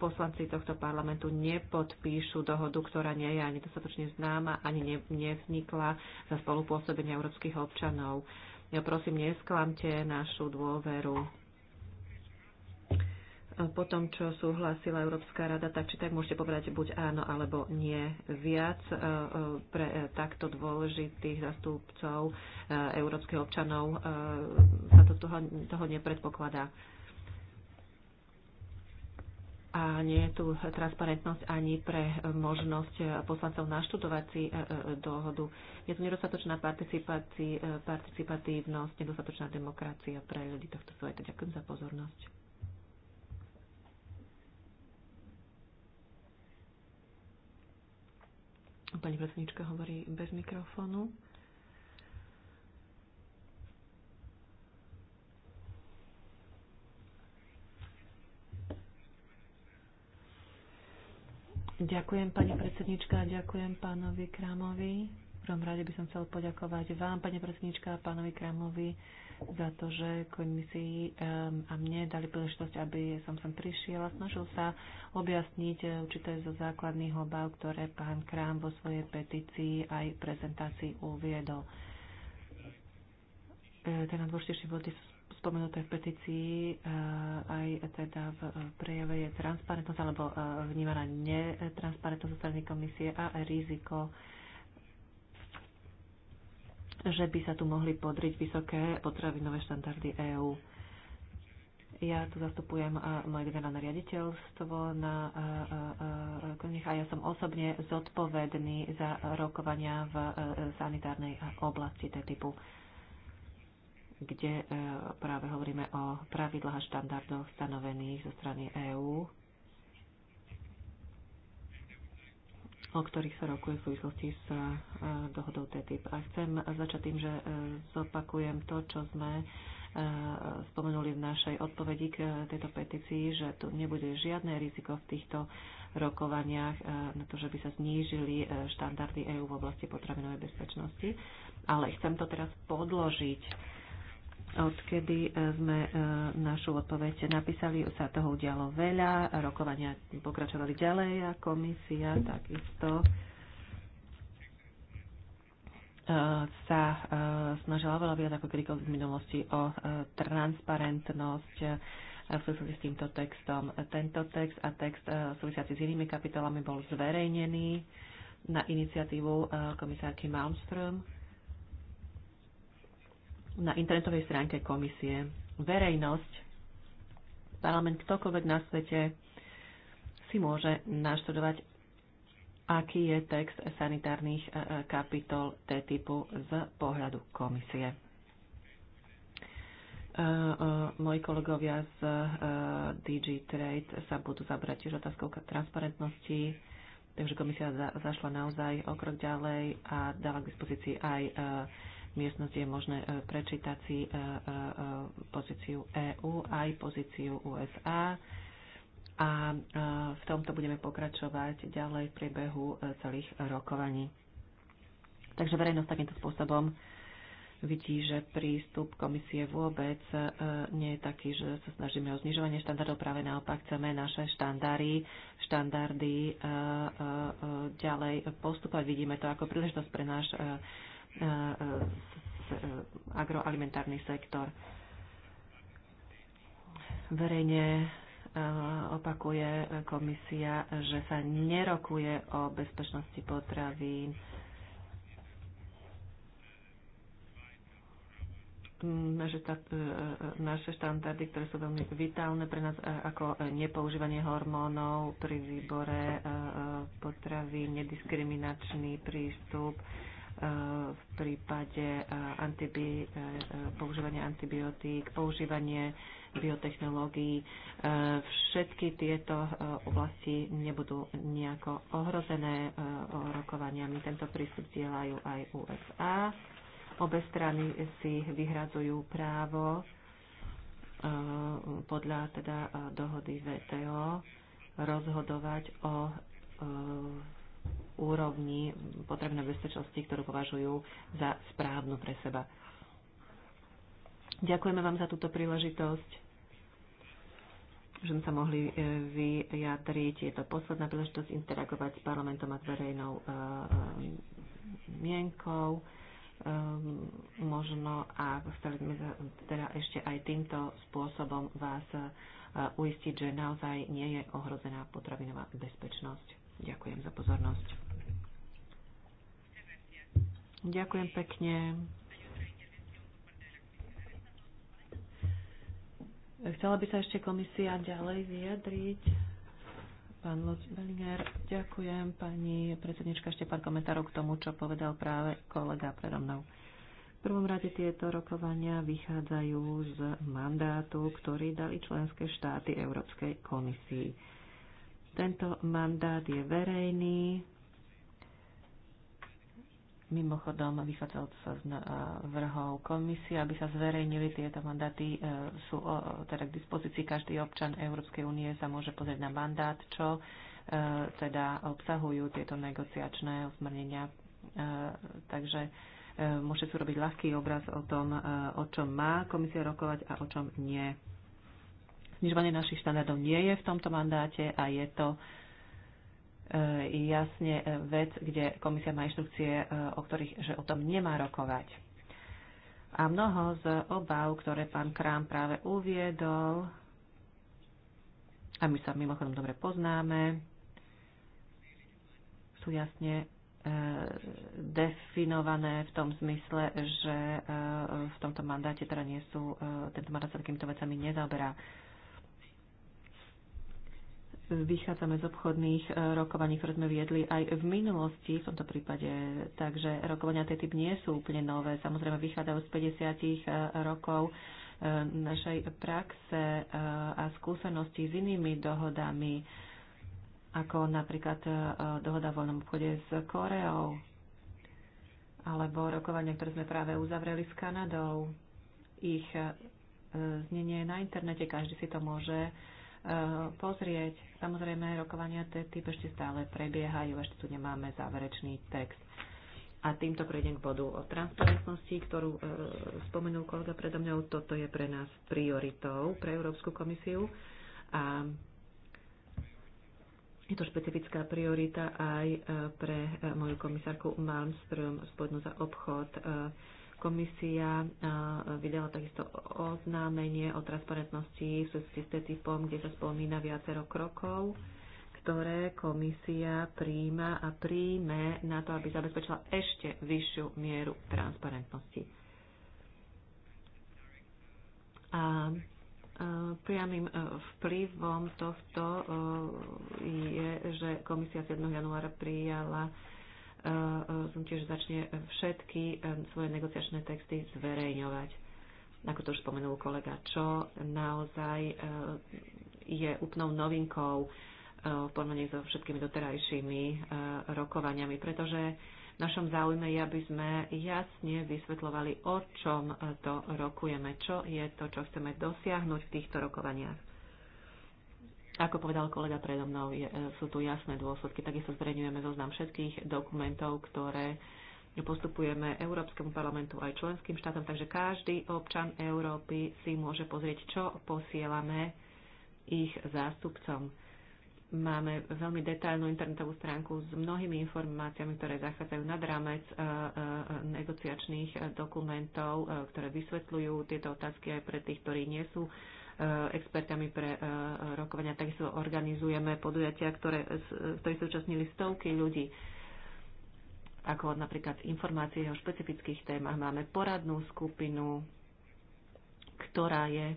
poslanci tohto parlamentu nepodpíšu dohodu, ktorá nie je ani dostatočne známa, ani nevznikla za spolupôsobenia európskych občanov. Ja prosím, nesklamte našu dôveru po tom, čo súhlasila Európska rada, tak či tak môžete povedať buď áno alebo nie viac e, e, pre e, takto dôležitých zastupcov európskych občanov sa to toho, toho nepredpokladá. A nie je tu transparentnosť ani pre možnosť poslancov naštudovať si dohodu. Je tu nedostatočná participatívnosť, nedostatočná demokracia pre ľudí tohto sveta. Ďakujem za pozornosť. Pani predsednička hovorí bez mikrofónu. Ďakujem pani predsednička, ďakujem pánovi Kramovi. V prvom rade by som chcel poďakovať vám, pani predsednička, a pánovi Kramovi za to, že komisii a mne dali príležitosť, aby som sem prišiel a snažil sa objasniť eh, určité zo základných obav, ktoré pán Krám vo svojej petícii aj prezentácii uviedol. teda najdôležitejšie vody sú spomenuté v petícii, eh, aj teda v prejave je transparentnosť alebo vnímaná netransparentnosť zo strany komisie a aj riziko že by sa tu mohli podriť vysoké potravinové štandardy EÚ. Ja tu zastupujem moje generálne riaditeľstvo na koních a ja som osobne zodpovedný za rokovania v e, sanitárnej oblasti typu kde e, práve hovoríme o pravidlách a štandardoch stanovených zo strany EÚ o ktorých sa rokuje v súvislosti s e, dohodou TTIP. A chcem začať tým, že e, zopakujem to, čo sme e, spomenuli v našej odpovedi k tejto petícii, že tu nebude žiadne riziko v týchto rokovaniach na to, že by sa znížili štandardy EÚ v oblasti potravinovej bezpečnosti. Ale chcem to teraz podložiť Odkedy e, sme e, našu odpoveď napísali, sa toho udialo veľa, rokovania pokračovali ďalej a komisia takisto e, sa snažila veľa viac ako kedykoľvek v minulosti o transparentnosť v súvislosti s týmto textom. Tento text a text súvisiaci s inými kapitolami bol zverejnený na iniciatívu komisárky Malmström na internetovej stránke komisie. Verejnosť, parlament, ktokoľvek na svete si môže naštudovať, aký je text sanitárnych e, e, kapitol T-typu z pohľadu komisie. E, moji kolegovia z DG Trade sa budú zabrať tiež otázkou transparentnosti, takže komisia zašla naozaj o krok ďalej a dala k dispozícii aj miestnosti je možné e, prečítať si e, e, pozíciu EÚ aj pozíciu USA. A v tomto budeme pokračovať ďalej v priebehu celých rokovaní. Takže verejnosť takýmto spôsobom vidí, že prístup komisie vôbec nie je taký, že sa snažíme o znižovanie štandardov, práve naopak chceme naše štandardy, štandardy ďalej postupovať. Vidíme to ako príležitosť pre náš E, e, e, agroalimentárny sektor. Verejne opakuje komisia, že sa nerokuje o bezpečnosti potravín. Naše, naše štandardy, ktoré sú veľmi vitálne pre nás, ako nepoužívanie hormónov pri výbore potravy, nediskriminačný prístup, v prípade eh, antibi- eh, používania antibiotík, používanie biotechnológií. Eh, všetky tieto oblasti nebudú nejako ohrozené rokovaniami. Tento prístup dielajú aj USA. Obe strany si vyhradzujú právo podľa teda dohody VTO rozhodovať o úrovni potrebnej bezpečnosti, ktorú považujú za správnu pre seba. Ďakujeme vám za túto príležitosť že sme sa mohli e, vyjadriť. Je to posledná príležitosť interagovať s parlamentom a s verejnou e, e, mienkou. Možno a chceli sme teda ešte aj týmto spôsobom vás uistiť, že naozaj nie je ohrozená potravinová bezpečnosť. Ďakujem za pozornosť. Ďakujem pekne. Chcela by sa ešte komisia ďalej vyjadriť. Pán Bellinger, ďakujem. Pani predsednička, ešte pár komentárov k tomu, čo povedal práve kolega predo mnou. V prvom rade tieto rokovania vychádzajú z mandátu, ktorý dali členské štáty Európskej komisii. Tento mandát je verejný. Mimochodom, vychádzal sa z e, vrhov komisie, aby sa zverejnili tieto mandáty, e, sú e, teda k dispozícii. Každý občan Európskej únie sa môže pozrieť na mandát, čo teda obsahujú tieto negociačné usmernenia. Takže Môžete si robiť ľahký obraz o tom, e, o čom má komisia rokovať a o čom nie. Znižovanie našich štandardov nie je v tomto mandáte a je to e, jasne e, vec, kde komisia má inštrukcie, o ktorých, že o tom nemá rokovať. A mnoho z obav, ktoré pán Krám práve uviedol, a my sa mimochodom dobre poznáme, sú jasne Eh, definované v tom zmysle, že eh, v tomto mandáte teda nie sú, eh, tento mandát sa takýmito vecami nezaoberá. Vychádzame z obchodných rokovaní, ktoré sme viedli aj v minulosti v tomto prípade, takže rokovania TTIP nie sú úplne nové. Samozrejme vychádzajú z 50 rokov našej praxe a skúsenosti s inými dohodami ako napríklad e, dohoda o voľnom obchode s Koreou, alebo rokovania, ktoré sme práve uzavreli s Kanadou. Ich e, znenie je na internete, každý si to môže e, pozrieť. Samozrejme, rokovania TTIP ešte stále prebiehajú, ešte tu nemáme záverečný text. A týmto prejdem k bodu o transparentnosti, ktorú e, spomenul kolega predo mňou. Toto je pre nás prioritou pre Európsku komisiu. A je to špecifická priorita aj e, pre e, moju komisárku Malmström spodnú za obchod. E, komisia vydala takisto oznámenie o transparentnosti v súvislosti s TTIPom, kde sa spomína viacero krokov, ktoré komisia príjma a príjme na to, aby zabezpečila ešte vyššiu mieru transparentnosti. A Priamým e, vplyvom tohto e, je, že komisia 7. januára prijala e, som tiež začne všetky svoje negociačné texty zverejňovať. Ako to už spomenul kolega, čo naozaj je úplnou novinkou v porovnaní so všetkými doterajšími rokovaniami, pretože našom záujme je, aby sme jasne vysvetľovali, o čom to rokujeme, čo je to, čo chceme dosiahnuť v týchto rokovaniach. Ako povedal kolega predo mnou, je, e, sú tu jasné dôsledky. Takisto zverejňujeme zoznam všetkých dokumentov, ktoré postupujeme Európskemu parlamentu aj členským štátom, takže každý občan Európy si môže pozrieť, čo posielame ich zástupcom. Máme veľmi detailnú internetovú stránku s mnohými informáciami, ktoré zachádzajú nad rámec e, e, negociačných e, dokumentov, ktoré vysvetľujú tieto otázky aj pre tých, ktorí nie sú expertami pre rokovania. Takisto organizujeme podujatia, ktoré, ktoré súčasnili stovky ľudí ako napríklad informácie o špecifických témach. Máme poradnú skupinu, ktorá je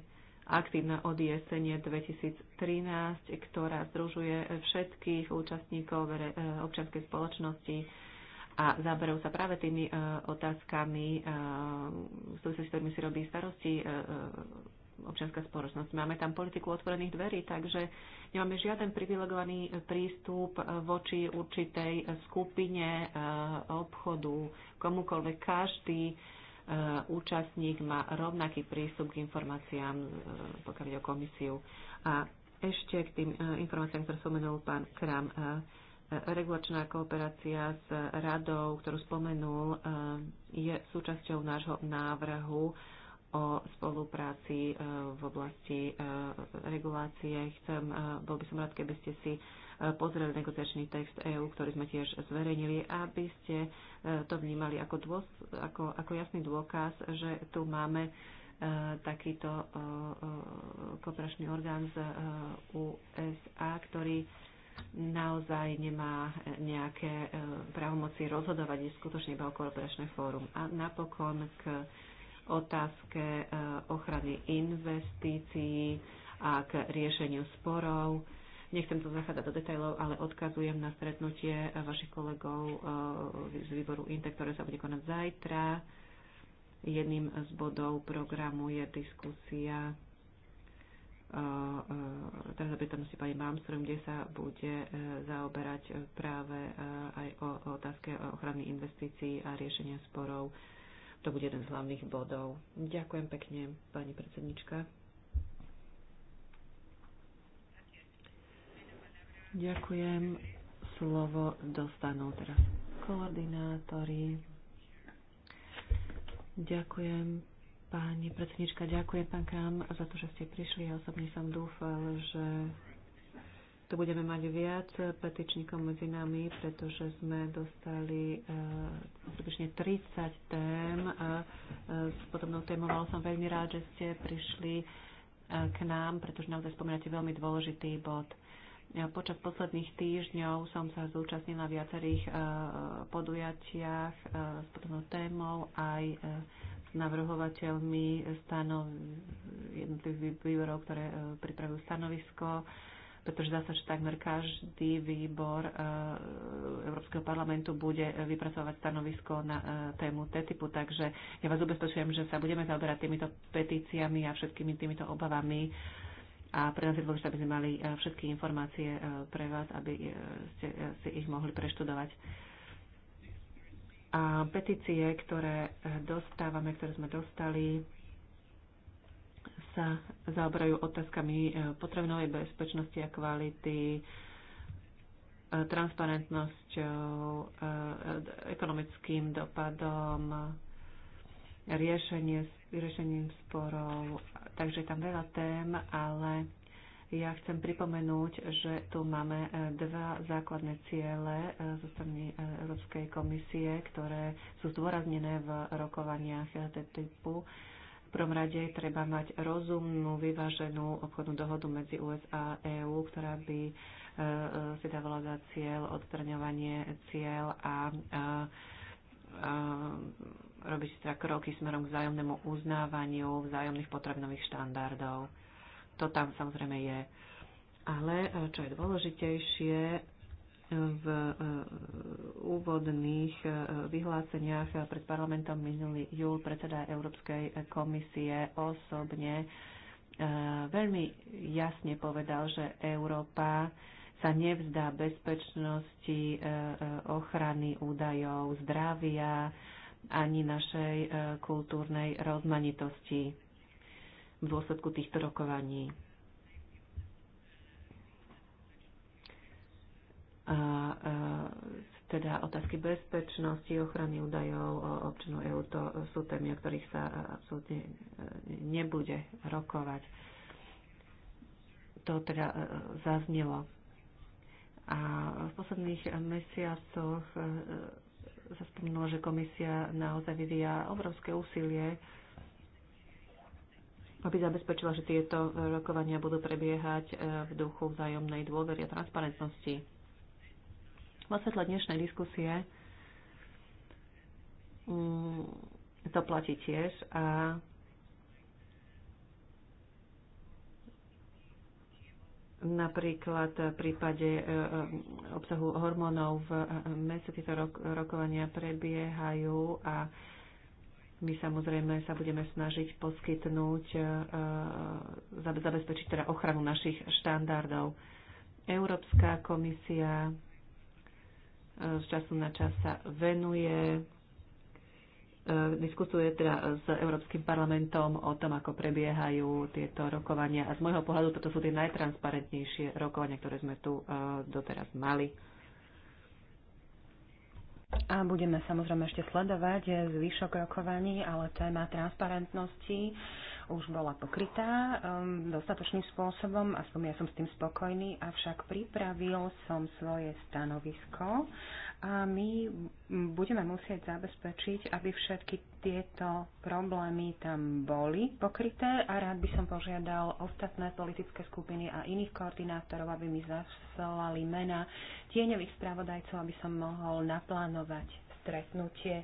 aktívna od jesenie 2013, ktorá združuje všetkých účastníkov eh, občianskej spoločnosti a zaberú sa práve tými eh, otázkami, eh, s ktorými si robí starosti občianská spoločnosť. Máme tam politiku otvorených dverí, takže nemáme žiaden privilegovaný prístup voči určitej skupine obchodu. Komukoľvek každý účastník má rovnaký prístup k informáciám, e, pokiaľ ide o komisiu. A ešte k tým e, informáciám, ktoré spomenul pán Kram. E, regulačná kooperácia s radou, ktorú spomenul, je súčasťou nášho návrhu o spolupráci v oblasti regulácie. Chcem, bol by som rád, keby ste si E, pozreli negociačný text EÚ, ktorý sme tiež zverejnili, aby ste e, to vnímali ako, dôs, ako, ako jasný dôkaz, že tu máme e, takýto kooperačný orgán z USA, ktorý naozaj nemá nejaké právomoci rozhodovať, je skutočne iba o kooperačné fórum. A napokon k otázke ochrany investícií a k riešeniu sporov. Nechcem to zachádzať do detajlov, ale odkazujem na stretnutie eh, vašich kolegov eh, z výboru INTE, ktoré sa bude konať zajtra. Jedným z bodov programu je diskusia eh, teraz prítomnosti pani Malmström, kde sa bude zaoberať práve aj o, o otázke ochrany investícií a riešenia sporov. To bude jeden z hlavných bodov. Ďakujem pekne, pani predsednička. Ďakujem. Slovo dostanú teraz koordinátori. Ďakujem, pani predsednička, ďakujem, pán Kram, za to, že ste prišli. Ja osobne som dúfal, že tu budeme mať viac petičníkov medzi nami, pretože sme dostali uh, približne 30 tém. Uh, s podobnou témou som veľmi rád, že ste prišli uh, k nám, pretože naozaj spomínate veľmi dôležitý bod. Počas posledných týždňov som sa zúčastnila viacerých e, podujatiach e, s podobnou témou aj e, s navrhovateľmi stanov, jednotlivých výborov, ktoré pripravujú stanovisko pretože zase, že takmer každý výbor Európskeho parlamentu bude vypracovať stanovisko na tému TTIPu, takže ja vás ubezpečujem, že sa budeme zaoberať týmito petíciami a všetkými týmito obavami a pre nás je dôležité, aby sme mali e, všetky informácie e, pre vás, aby e, ste si ich mohli preštudovať. A petície, ktoré dostávame, ktoré sme dostali, sa zaoberajú otázkami potravinovej bezpečnosti a kvality, transparentnosťou, ekonomickým dopadom, riešenie, riešením sporov. Takže je tam veľa tém, ale ja chcem pripomenúť, že tu máme e, dva základné ciele e, zo strany e, Európskej komisie, ktoré sú zdôraznené v rokovaniach typu. V prvom rade treba mať rozumnú, vyváženú obchodnú dohodu medzi USA a EÚ, ktorá by si dávala za cieľ odstraňovanie cieľ a, a, a robiť teda kroky smerom k vzájomnému uznávaniu vzájomných potrebnových štandardov. To tam samozrejme je. Ale e, čo je dôležitejšie, e, v e, úvodných vyhláseniach pred parlamentom minulý júl predseda Európskej komisie osobne veľmi jasne povedal, že Európa sa nevzdá bezpečnosti, ochrany údajov, zdravia, ani našej e, kultúrnej rozmanitosti v dôsledku týchto rokovaní. A, e, teda otázky bezpečnosti, ochrany údajov občanov EU to sú témy, o ktorých sa absolútne e, nebude rokovať. To teda zaznelo. A v posledných mesiacoch sa spomínalo, že komisia naozaj vyvíja obrovské úsilie, aby zabezpečila, že tieto rokovania budú prebiehať e, v duchu vzájomnej dôvery a transparentnosti. Vo svetle dnešnej diskusie mm, to platí tiež a Napríklad v prípade e, e, obsahu hormónov v e, mese tieto rokovania prebiehajú a my samozrejme sa budeme snažiť poskytnúť, zabezpečiť teda ochranu našich štandardov. Európska komisia z času na čas sa venuje E, diskutuje teda s Európskym parlamentom o tom, ako prebiehajú tieto rokovania. A z môjho pohľadu toto sú tie najtransparentnejšie rokovania, ktoré sme tu e, doteraz mali. A budeme samozrejme ešte sledovať zvyšok rokovaní, ale téma transparentnosti už bola pokrytá um, dostatočným spôsobom, aspoň ja som s tým spokojný, avšak pripravil som svoje stanovisko a my budeme musieť zabezpečiť, aby všetky tieto problémy tam boli pokryté a rád by som požiadal ostatné politické skupiny a iných koordinátorov, aby mi zaslali mena tieňových spravodajcov, aby som mohol naplánovať stretnutie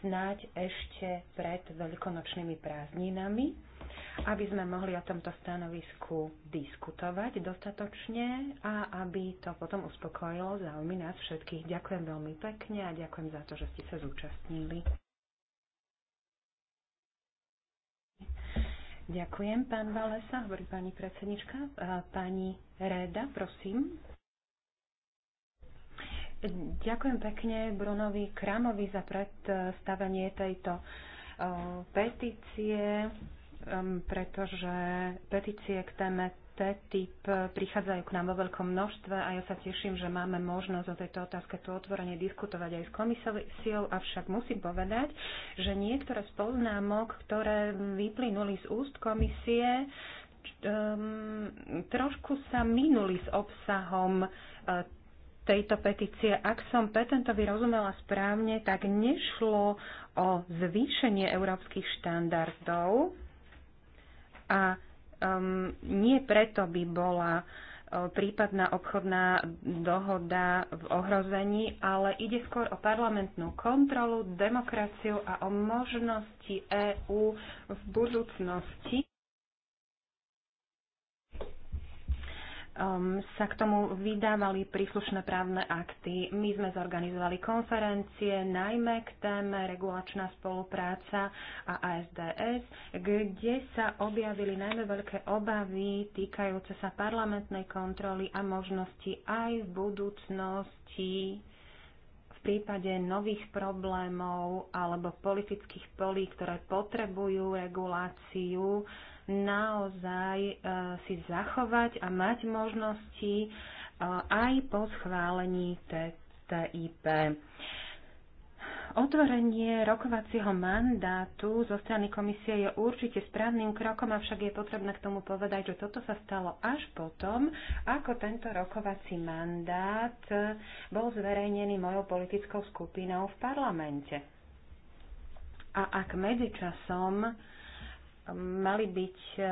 snáď ešte pred veľkonočnými prázdninami aby sme mohli o tomto stanovisku diskutovať dostatočne a aby to potom uspokojilo záujmy nás všetkých. Ďakujem veľmi pekne a ďakujem za to, že ste sa zúčastnili. Ďakujem, pán Valesa, hovorí pani predsednička. Pani Réda, prosím. Ďakujem pekne Brunovi Kramovi za predstavenie tejto petície pretože petície k téme TTIP prichádzajú k nám vo veľkom množstve a ja sa teším, že máme možnosť o tejto otázke tu otvorene diskutovať aj s komisiou, avšak musím povedať, že niektoré z poznámok, ktoré vyplynuli z úst komisie, um, trošku sa minuli s obsahom uh, tejto petície. Ak som petentovi rozumela správne, tak nešlo o zvýšenie európskych štandardov, a um, nie preto by bola prípadná obchodná dohoda v ohrození, ale ide skôr o parlamentnú kontrolu, demokraciu a o možnosti EÚ v budúcnosti um, sa k tomu vydávali príslušné právne akty. My sme zorganizovali konferencie najmä k téme regulačná spolupráca a ASDS, kde sa objavili najmä veľké obavy týkajúce sa parlamentnej kontroly a možnosti aj v budúcnosti v prípade nových problémov alebo politických polí, ktoré potrebujú reguláciu, naozaj e, si zachovať a mať možnosti e, aj po schválení TTIP. Otvorenie rokovacieho mandátu zo strany komisie je určite správnym krokom, avšak je potrebné k tomu povedať, že toto sa stalo až potom, ako tento rokovací mandát e, bol zverejnený mojou politickou skupinou v parlamente. A ak medzičasom mali byť eh,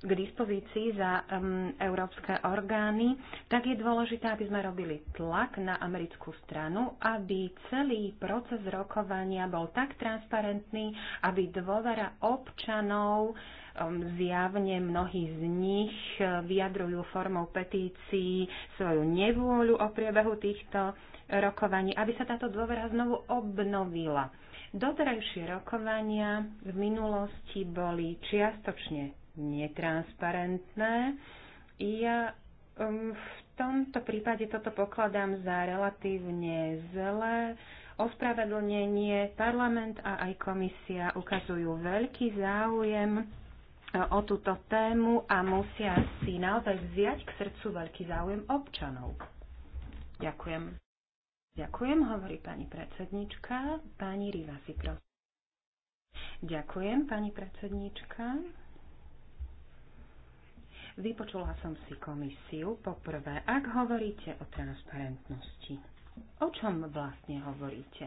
k dispozícii za um, európske orgány, tak je dôležité, aby sme robili tlak na americkú stranu, aby celý proces rokovania bol tak transparentný, aby dôvera občanov um, zjavne mnohí z nich eh, vyjadrujú formou petícií svoju nevôľu o priebehu týchto rokovaní, aby sa táto dôvera znovu obnovila Doterajšie rokovania v minulosti boli čiastočne netransparentné. Ja um, v tomto prípade toto pokladám za relatívne zlé. Ospravedlnenie parlament a aj komisia ukazujú veľký záujem uh, o túto tému a musia si naozaj vziať k srdcu veľký záujem občanov. Ďakujem. Ďakujem, hovorí pani predsednička. Pani Rivasi, prosím. Ďakujem, pani predsednička. Vypočula som si komisiu. Poprvé, ak hovoríte o transparentnosti, o čom vlastne hovoríte?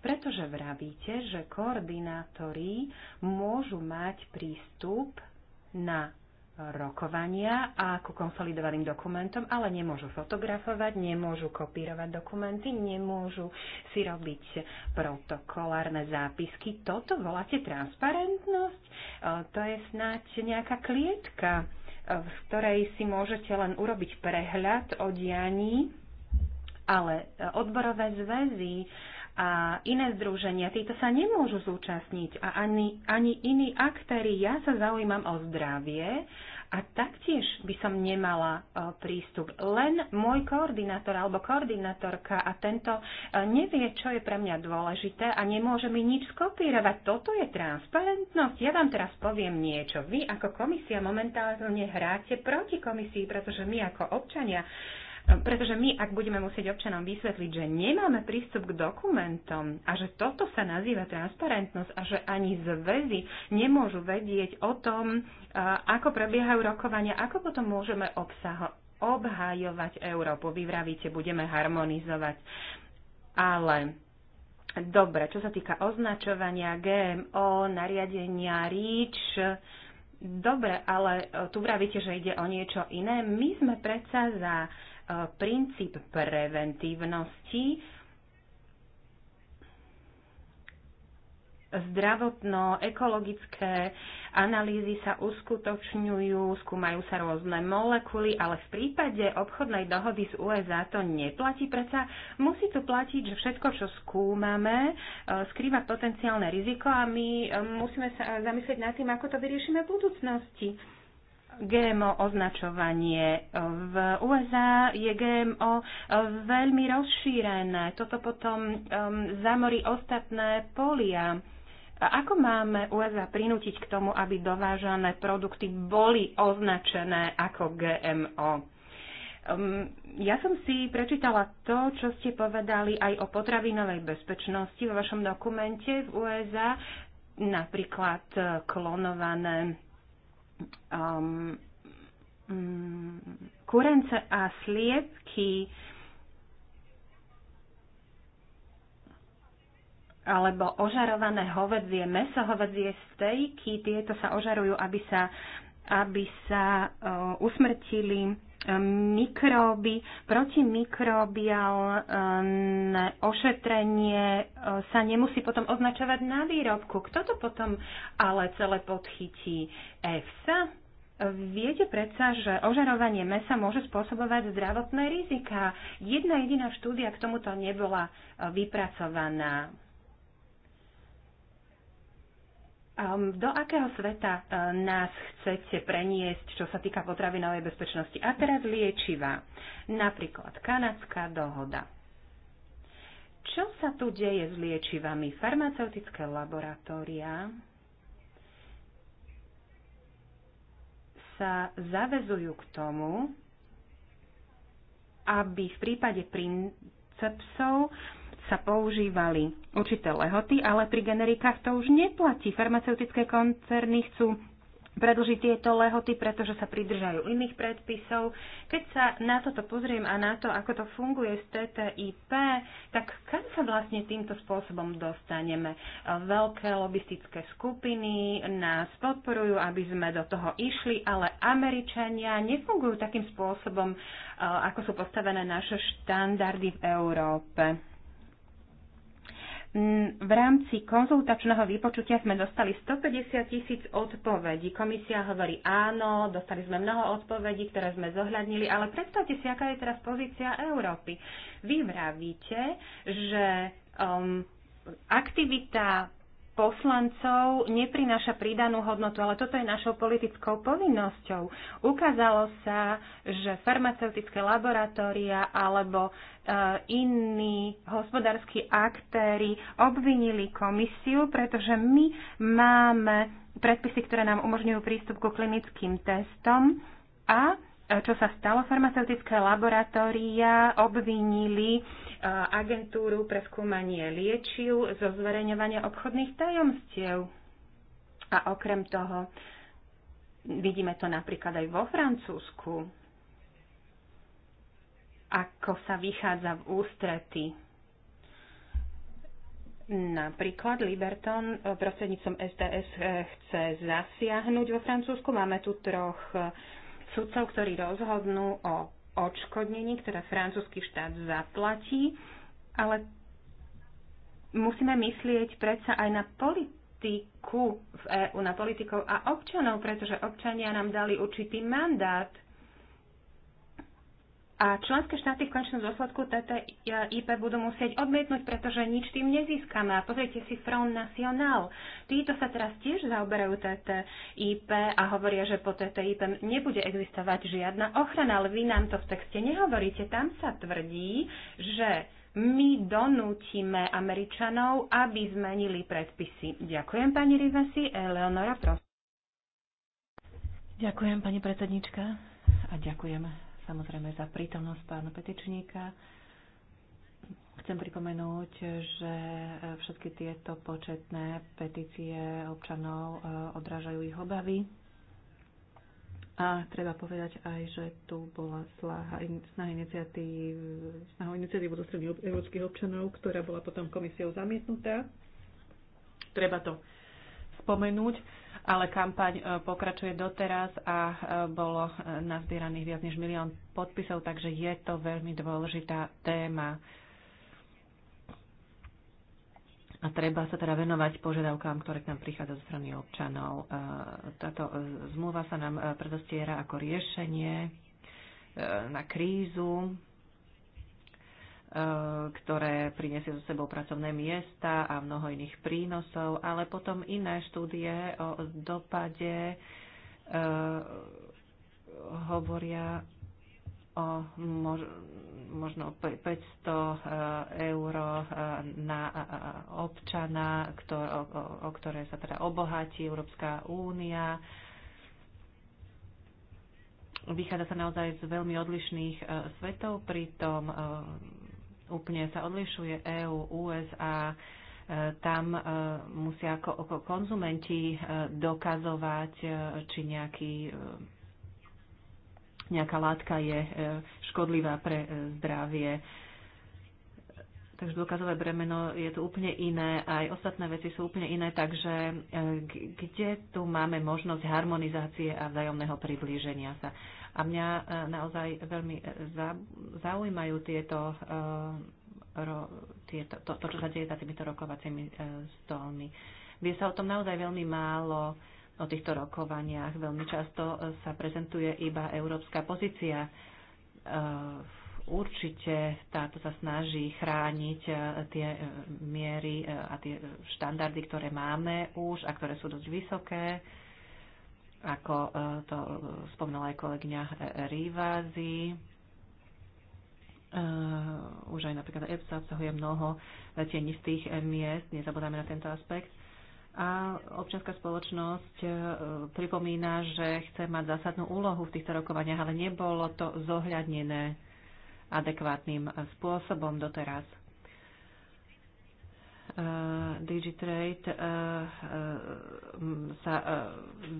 Pretože vravíte, že koordinátori môžu mať prístup na rokovania a ku konsolidovaným dokumentom, ale nemôžu fotografovať, nemôžu kopírovať dokumenty, nemôžu si robiť protokolárne zápisky. Toto voláte transparentnosť? E, to je snáď nejaká klietka, e, v ktorej si môžete len urobiť prehľad o dianí, ale e, odborové zväzy a iné združenia, títo sa nemôžu zúčastniť a ani, ani iní aktéry. Ja sa zaujímam o zdravie a taktiež by som nemala e, prístup. Len môj koordinátor alebo koordinátorka a tento e, nevie, čo je pre mňa dôležité a nemôže mi nič skopírovať. Toto je transparentnosť. Ja vám teraz poviem niečo. Vy ako komisia momentálne hráte proti komisii, pretože my ako občania pretože my, ak budeme musieť občanom vysvetliť, že nemáme prístup k dokumentom a že toto sa nazýva transparentnosť a že ani zväzy nemôžu vedieť o tom, e, ako prebiehajú rokovania, ako potom môžeme obsaho- obhajovať Európu. Vy vravíte, budeme harmonizovať. Ale dobre, čo sa týka označovania GMO, nariadenia REACH, dobre, ale tu vravíte, že ide o niečo iné. My sme predsa za uh, princíp preventívnosti zdravotno-ekologické analýzy sa uskutočňujú, skúmajú sa rôzne molekuly, ale v prípade obchodnej dohody z USA to neplatí. Preca musí to platiť, že všetko, čo skúmame, e, skrýva potenciálne riziko a my e, musíme sa zamyslieť nad tým, ako to vyriešime v budúcnosti. GMO označovanie. V USA je GMO veľmi rozšírené. Toto potom um, zamorí ostatné polia. A ako máme USA prinútiť k tomu, aby dovážané produkty boli označené ako GMO? Um, ja som si prečítala to, čo ste povedali aj o potravinovej bezpečnosti vo vašom dokumente v USA, napríklad eh, klonované um, um, kurence a sliepky alebo ožarované hovedzie, meso hovedzie, stejky, tieto sa ožarujú, aby sa, aby sa uh, usmrtili mikróby, protimikrobiálne ehm, ošetrenie eh, sa nemusí potom označovať na výrobku. Kto to potom ale celé podchytí? EFSA? Viete predsa, že ožarovanie mesa môže spôsobovať zdravotné rizika. Jedna jediná štúdia k tomuto nebola eh, vypracovaná. Um, do akého sveta uh, nás chcete preniesť, čo sa týka potravinovej bezpečnosti? A teraz liečiva, napríklad kanadská dohoda. Čo sa tu deje s liečivami? Farmaceutické laboratória sa zavezujú k tomu, aby v prípade princepsov uh, sa používali určité lehoty, ale pri generikách to už neplatí. Farmaceutické koncerny chcú predlžiť tieto lehoty, pretože sa pridržajú iných predpisov. Keď sa na toto pozriem a na to, ako to funguje z TTIP, tak kam sa vlastne týmto spôsobom dostaneme? Veľké lobistické skupiny nás podporujú, aby sme do toho išli, ale Američania nefungujú takým spôsobom, eh, ako sú postavené naše štandardy v Európe. V rámci konzultačného vypočutia sme dostali 150 tisíc odpovedí. Komisia hovorí áno, dostali sme mnoho odpovedí, ktoré sme zohľadnili, ale predstavte si, aká je teraz pozícia Európy. Vy vravíte, že um, aktivita poslancov neprináša pridanú hodnotu, ale toto je našou politickou povinnosťou. Ukázalo sa, že farmaceutické laboratória alebo e, iní hospodárski aktéry obvinili komisiu, pretože my máme predpisy, ktoré nám umožňujú prístup ku klinickým testom a e, čo sa stalo, farmaceutické laboratória obvinili agentúru pre skúmanie liečiv zo zverejňovania obchodných tajomstiev. A okrem toho, vidíme to napríklad aj vo Francúzsku, ako sa vychádza v ústrety. Napríklad Liberton e, prostrednícom SDS e, chce zasiahnuť vo Francúzsku. Máme tu troch e, sudcov, ktorí rozhodnú o odškodnení, ktoré francúzsky štát zaplatí, ale musíme myslieť predsa aj na politiku v EÚ, na politikov a občanov, pretože občania nám dali určitý mandát a členské štáty v končnom dôsledku TTIP budú musieť odmietnúť, pretože nič tým nezískame. A pozrite si Front National. Títo sa teraz tiež zaoberajú TTIP a hovoria, že po TTIP nebude existovať žiadna ochrana, ale vy nám to v texte nehovoríte. Tam sa tvrdí, že my donútime Američanov, aby zmenili predpisy. Ďakujem, pani Rivasi. Eleonora, prosím. Ďakujem, pani predsednička. A ďakujem samozrejme za prítomnosť pána petičníka. Chcem pripomenúť, že všetky tieto početné petície občanov e, odrážajú ich obavy. A treba povedať aj, že tu bola snaha, snaha iniciatív, snaha iniciatívu zo strany európskych občanov, ktorá bola potom komisiou zamietnutá. Treba to spomenúť ale kampaň e, pokračuje doteraz a e, bolo e, nazbieraných viac než milión podpisov, takže je to veľmi dôležitá téma. A treba sa teda venovať požiadavkám, ktoré k nám prichádzajú zo strany občanov. Táto zmluva sa nám predostiera ako riešenie na krízu, Eh, ktoré priniesie so sebou pracovné miesta a mnoho iných prínosov, ale potom iné štúdie o dopade eh, hovoria o možno 500 eh, eur na občana, o ktoré sa teda obohatí Európska únia. Vychádza sa naozaj z veľmi odlišných svetov, pritom úplne sa odlišuje EÚ, USA. E, tam e, musia ako, ako konzumenti e, dokazovať, či nejaký, nejaká látka je škodlivá pre zdravie. Takže dôkazové bremeno je tu úplne iné, aj ostatné veci sú úplne iné, takže kde tu máme možnosť harmonizácie a vzájomného priblíženia sa? A mňa e, naozaj e, veľmi e, zaujímajú tieto, tieto to, to, čo sa deje za týmito rokovacími stolmi. Vie sa o tom naozaj veľmi málo o týchto rokovaniach. Veľmi často sa prezentuje iba európska pozícia. Určite táto sa snaží chrániť tie miery a tie štandardy, ktoré máme už a ktoré sú dosť vysoké ako e, to spomnala aj kolegyňa Rivázy. E, už aj napríklad EPSA obsahuje mnoho tenistých miest, nezabudáme na tento aspekt. A občianská spoločnosť e, pripomína, že chce mať zásadnú úlohu v týchto rokovaniach, ale nebolo to zohľadnené adekvátnym spôsobom doteraz. Eh, Digitrade eh, eh, sa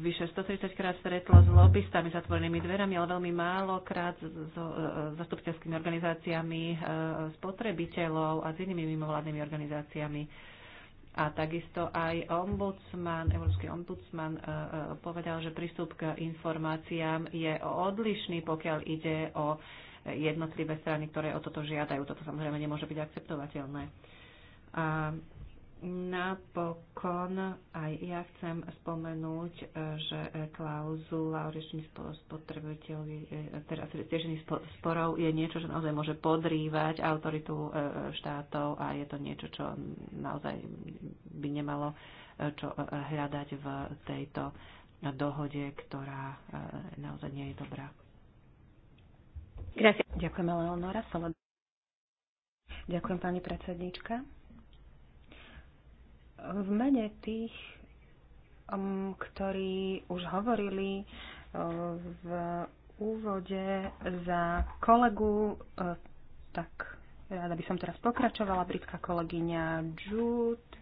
vyše 130 krát stretlo s lobbystami zatvorenými dverami, ale veľmi málo krát s zastupiteľskými organizáciami spotrebiteľov a s inými mimovládnymi organizáciami. A takisto aj ombudsman, Európsky ombudsman povedal, že prístup k informáciám je odlišný, pokiaľ ide o jednotlivé strany, ktoré o toto žiadajú. Toto samozrejme nemôže byť akceptovateľné. A napokon aj ja chcem spomenúť, e, že e, klauzula o riešení spotrebiteľovi, e, teda riešení sporov je niečo, čo naozaj môže podrývať autoritu štátov a je to niečo, čo naozaj by nemalo čo hľadať v tejto dohode, ktorá naozaj nie je dobrá. Ďakujem, Eleonora. Ďakujem, pani predsedníčka. V mene tých, um, ktorí už hovorili uh, v úvode za kolegu, uh, tak rada by som teraz pokračovala, britská kolegyňa Jude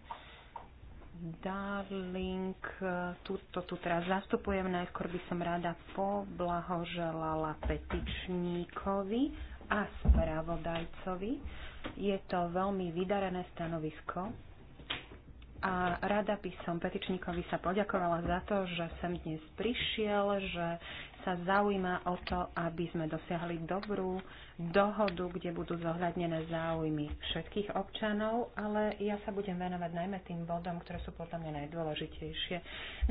Darling, uh, túto tu teraz zastupujem. Najskôr by som rada poblahoželala petičníkovi a spravodajcovi. Je to veľmi vydarené stanovisko, a rada by som petičníkovi sa poďakovala za to, že sem dnes prišiel, že sa zaujíma o to, aby sme dosiahli dobrú dohodu, kde budú zohľadnené záujmy všetkých občanov, ale ja sa budem venovať najmä tým bodom, ktoré sú podľa mňa najdôležitejšie.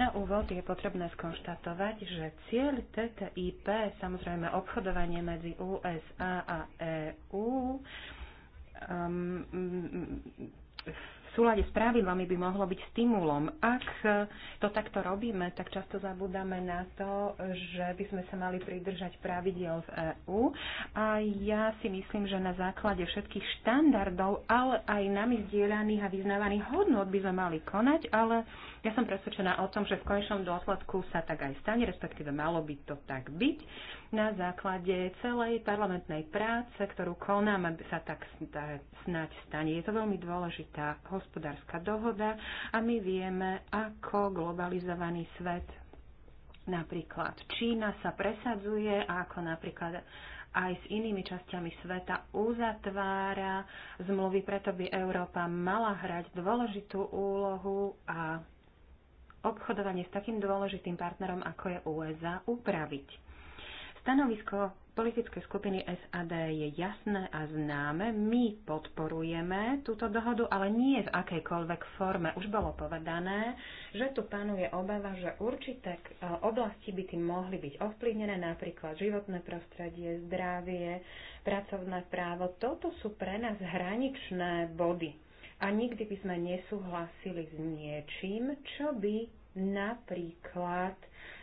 Na úvod je potrebné skonštatovať, že cieľ TTIP, samozrejme obchodovanie medzi USA a EU. um, v súlade s pravidlami by mohlo byť stimulom. Ak to takto robíme, tak často zabudáme na to, že by sme sa mali pridržať pravidiel z EÚ. A ja si myslím, že na základe všetkých štandardov, ale aj nami zdieľaných a vyznávaných hodnot by sme mali konať, ale ja som presvedčená o tom, že v konečnom dôsledku sa tak aj stane, respektíve malo by to tak byť. Na základe celej parlamentnej práce, ktorú konám, aby sa tak snať stane. Je to veľmi dôležitá hospodárska dohoda a my vieme, ako globalizovaný svet napríklad Čína sa presadzuje a ako napríklad aj s inými časťami sveta uzatvára zmluvy, preto by Európa mala hrať dôležitú úlohu a obchodovanie s takým dôležitým partnerom, ako je USA, upraviť. Stanovisko politickej skupiny SAD je jasné a známe. My podporujeme túto dohodu, ale nie v akejkoľvek forme. Už bolo povedané, že tu panuje obava, že určité eh, oblasti by tým mohli byť ovplyvnené, napríklad životné prostredie, zdravie, pracovné právo. Toto sú pre nás hraničné body a nikdy by sme nesúhlasili s niečím, čo by napríklad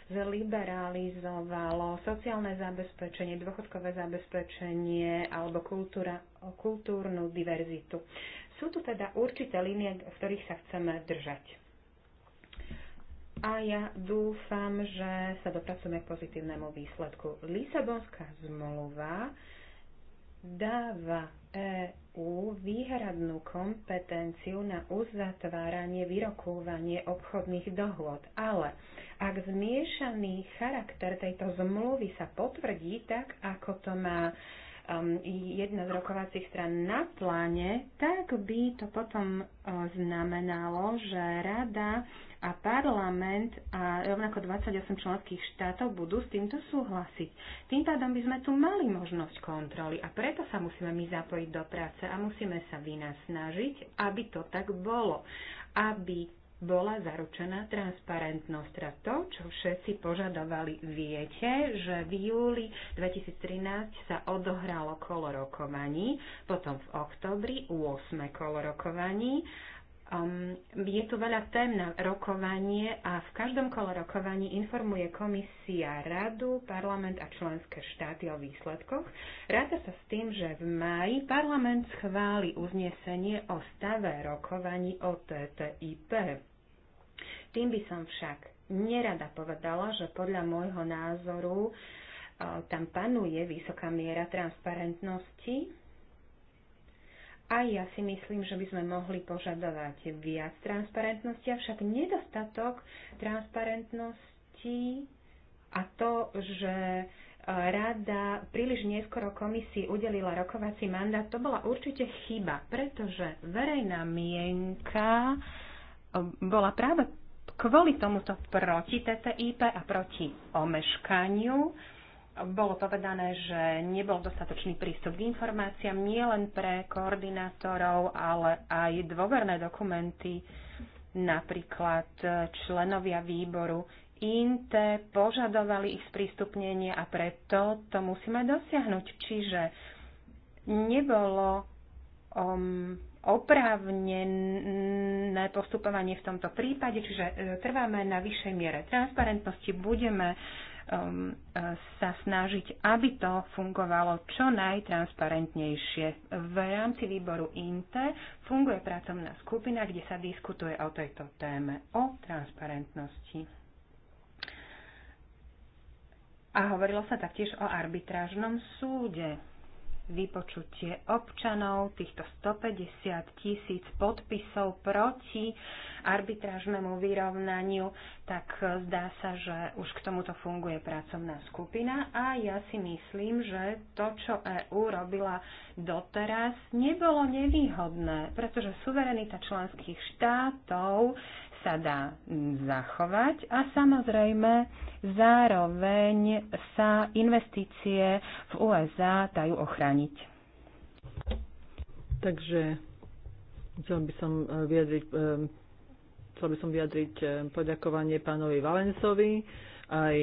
zliberalizovalo sociálne zabezpečenie, dôchodkové zabezpečenie alebo kultúra, kultúrnu diverzitu. Sú tu teda určité línie, v ktorých sa chceme držať. A ja dúfam, že sa dopracujeme k pozitívnemu výsledku. Lisabonská zmluva dáva EÚ výhradnú kompetenciu na uzatváranie, vyrokovanie obchodných dohôd. Ale ak zmiešaný charakter tejto zmluvy sa potvrdí tak, ako to má um, jedna z rokovacích stran na pláne, tak by to potom uh, znamenalo, že rada a parlament a rovnako 28 členských štátov budú s týmto súhlasiť. Tým pádom by sme tu mali možnosť kontroly a preto sa musíme my zapojiť do práce a musíme sa vynasnažiť, aby to tak bolo. Aby bola zaručená transparentnosť. Teda to, čo všetci požadovali, viete, že v júli 2013 sa odohralo kolo rokovaní, potom v oktobri 8 kolo rokovaní Um, je tu veľa tém na rokovanie a v každom kole rokovaní informuje komisia radu, parlament a členské štáty o výsledkoch. Ráta sa s tým, že v máji parlament schváli uznesenie o stave rokovaní o TTIP. Tým by som však nerada povedala, že podľa môjho názoru tam panuje vysoká miera transparentnosti a ja si myslím, že by sme mohli požadovať viac transparentnosti, avšak nedostatok transparentnosti a to, že e, rada príliš neskoro komisii udelila rokovací mandát, to bola určite chyba, pretože verejná mienka e, bola práve kvôli tomuto proti TTIP a proti omeškaniu bolo povedané, že nebol dostatočný prístup k informáciám nielen pre koordinátorov, ale aj dôverné dokumenty, napríklad členovia výboru INTE požadovali ich sprístupnenie a preto to musíme dosiahnuť. Čiže nebolo um, oprávnené postupovanie v tomto prípade, čiže e, trváme na vyššej miere transparentnosti, budeme uh, um, sa snažiť, aby to fungovalo čo najtransparentnejšie. V rámci výboru INTE funguje pracovná skupina, kde sa diskutuje o tejto téme, o transparentnosti. A hovorilo sa taktiež o arbitrážnom súde vypočutie občanov, týchto 150 tisíc podpisov proti arbitrážnemu vyrovnaniu, tak zdá sa, že už k tomuto funguje pracovná skupina a ja si myslím, že to, čo EÚ robila doteraz, nebolo nevýhodné, pretože suverenita členských štátov sa dá mm, zachovať a samozrejme zároveň sa investície v USA dajú ochrániť. Takže chcel by som e, vyjadriť, e, chcel by som vyjadriť e, poďakovanie pánovi Valencovi aj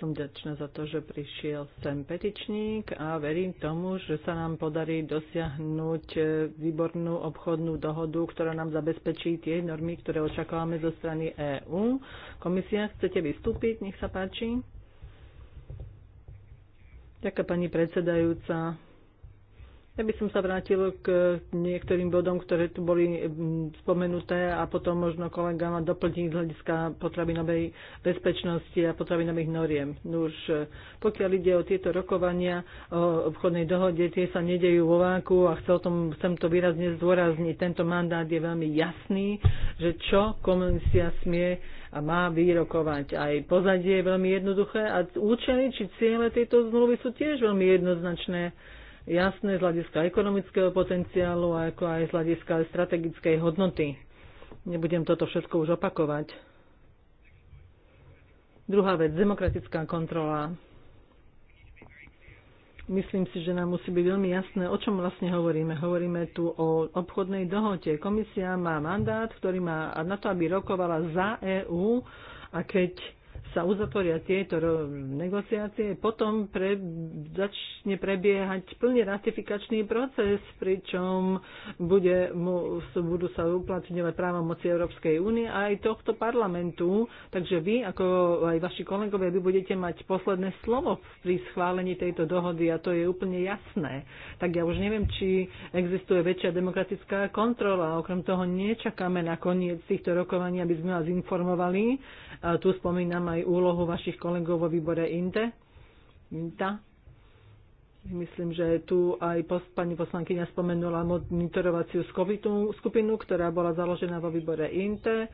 som ďačná za to, že prišiel sem petičník a verím tomu, že sa nám podarí dosiahnuť e, výbornú obchodnú dohodu, ktorá nám zabezpečí tie normy, ktoré očakávame zo strany EÚ. Komisia, chcete vystúpiť? Nech sa páči. Ďakujem, pani predsedajúca. Ja by som sa vrátil k niektorým bodom, ktoré tu boli mm, spomenuté a potom možno kolega ma doplní z hľadiska potravinovej bezpečnosti a potravinových noriem. No už e, pokiaľ ide o tieto rokovania o obchodnej dohode, tie sa nedejú vo váku a chcel tom, chcem to výrazne zdôrazniť. Tento mandát je veľmi jasný, že čo komisia smie a má vyrokovať. Aj pozadie je veľmi jednoduché a účely či ciele tejto zmluvy sú tiež veľmi jednoznačné jasné z hľadiska ekonomického potenciálu, ako aj z hľadiska strategickej hodnoty. Nebudem toto všetko už opakovať. Druhá vec, demokratická kontrola. Myslím si, že nám musí byť veľmi jasné, o čom vlastne hovoríme. Hovoríme tu o obchodnej dohote. Komisia má mandát, ktorý má na to, aby rokovala za EÚ a keď sa uzatvoria tieto negociácie, potom pre, začne prebiehať plne ratifikačný proces, pričom bude, budú sa uplatňovať právomoci Európskej únie a aj tohto parlamentu. Takže vy, ako aj vaši kolegovia, vy budete mať posledné slovo pri schválení tejto dohody a to je úplne jasné. Tak ja už neviem, či existuje väčšia demokratická kontrola. Okrem toho nečakáme na koniec týchto rokovaní, aby sme vás informovali. A tu spomínam aj aj úlohu vašich kolegov vo výbore INTE. INTA. Myslím, že tu aj post, pani poslankyňa spomenula monitorovaciu skupinu, skupinu, ktorá bola založená vo výbore INTE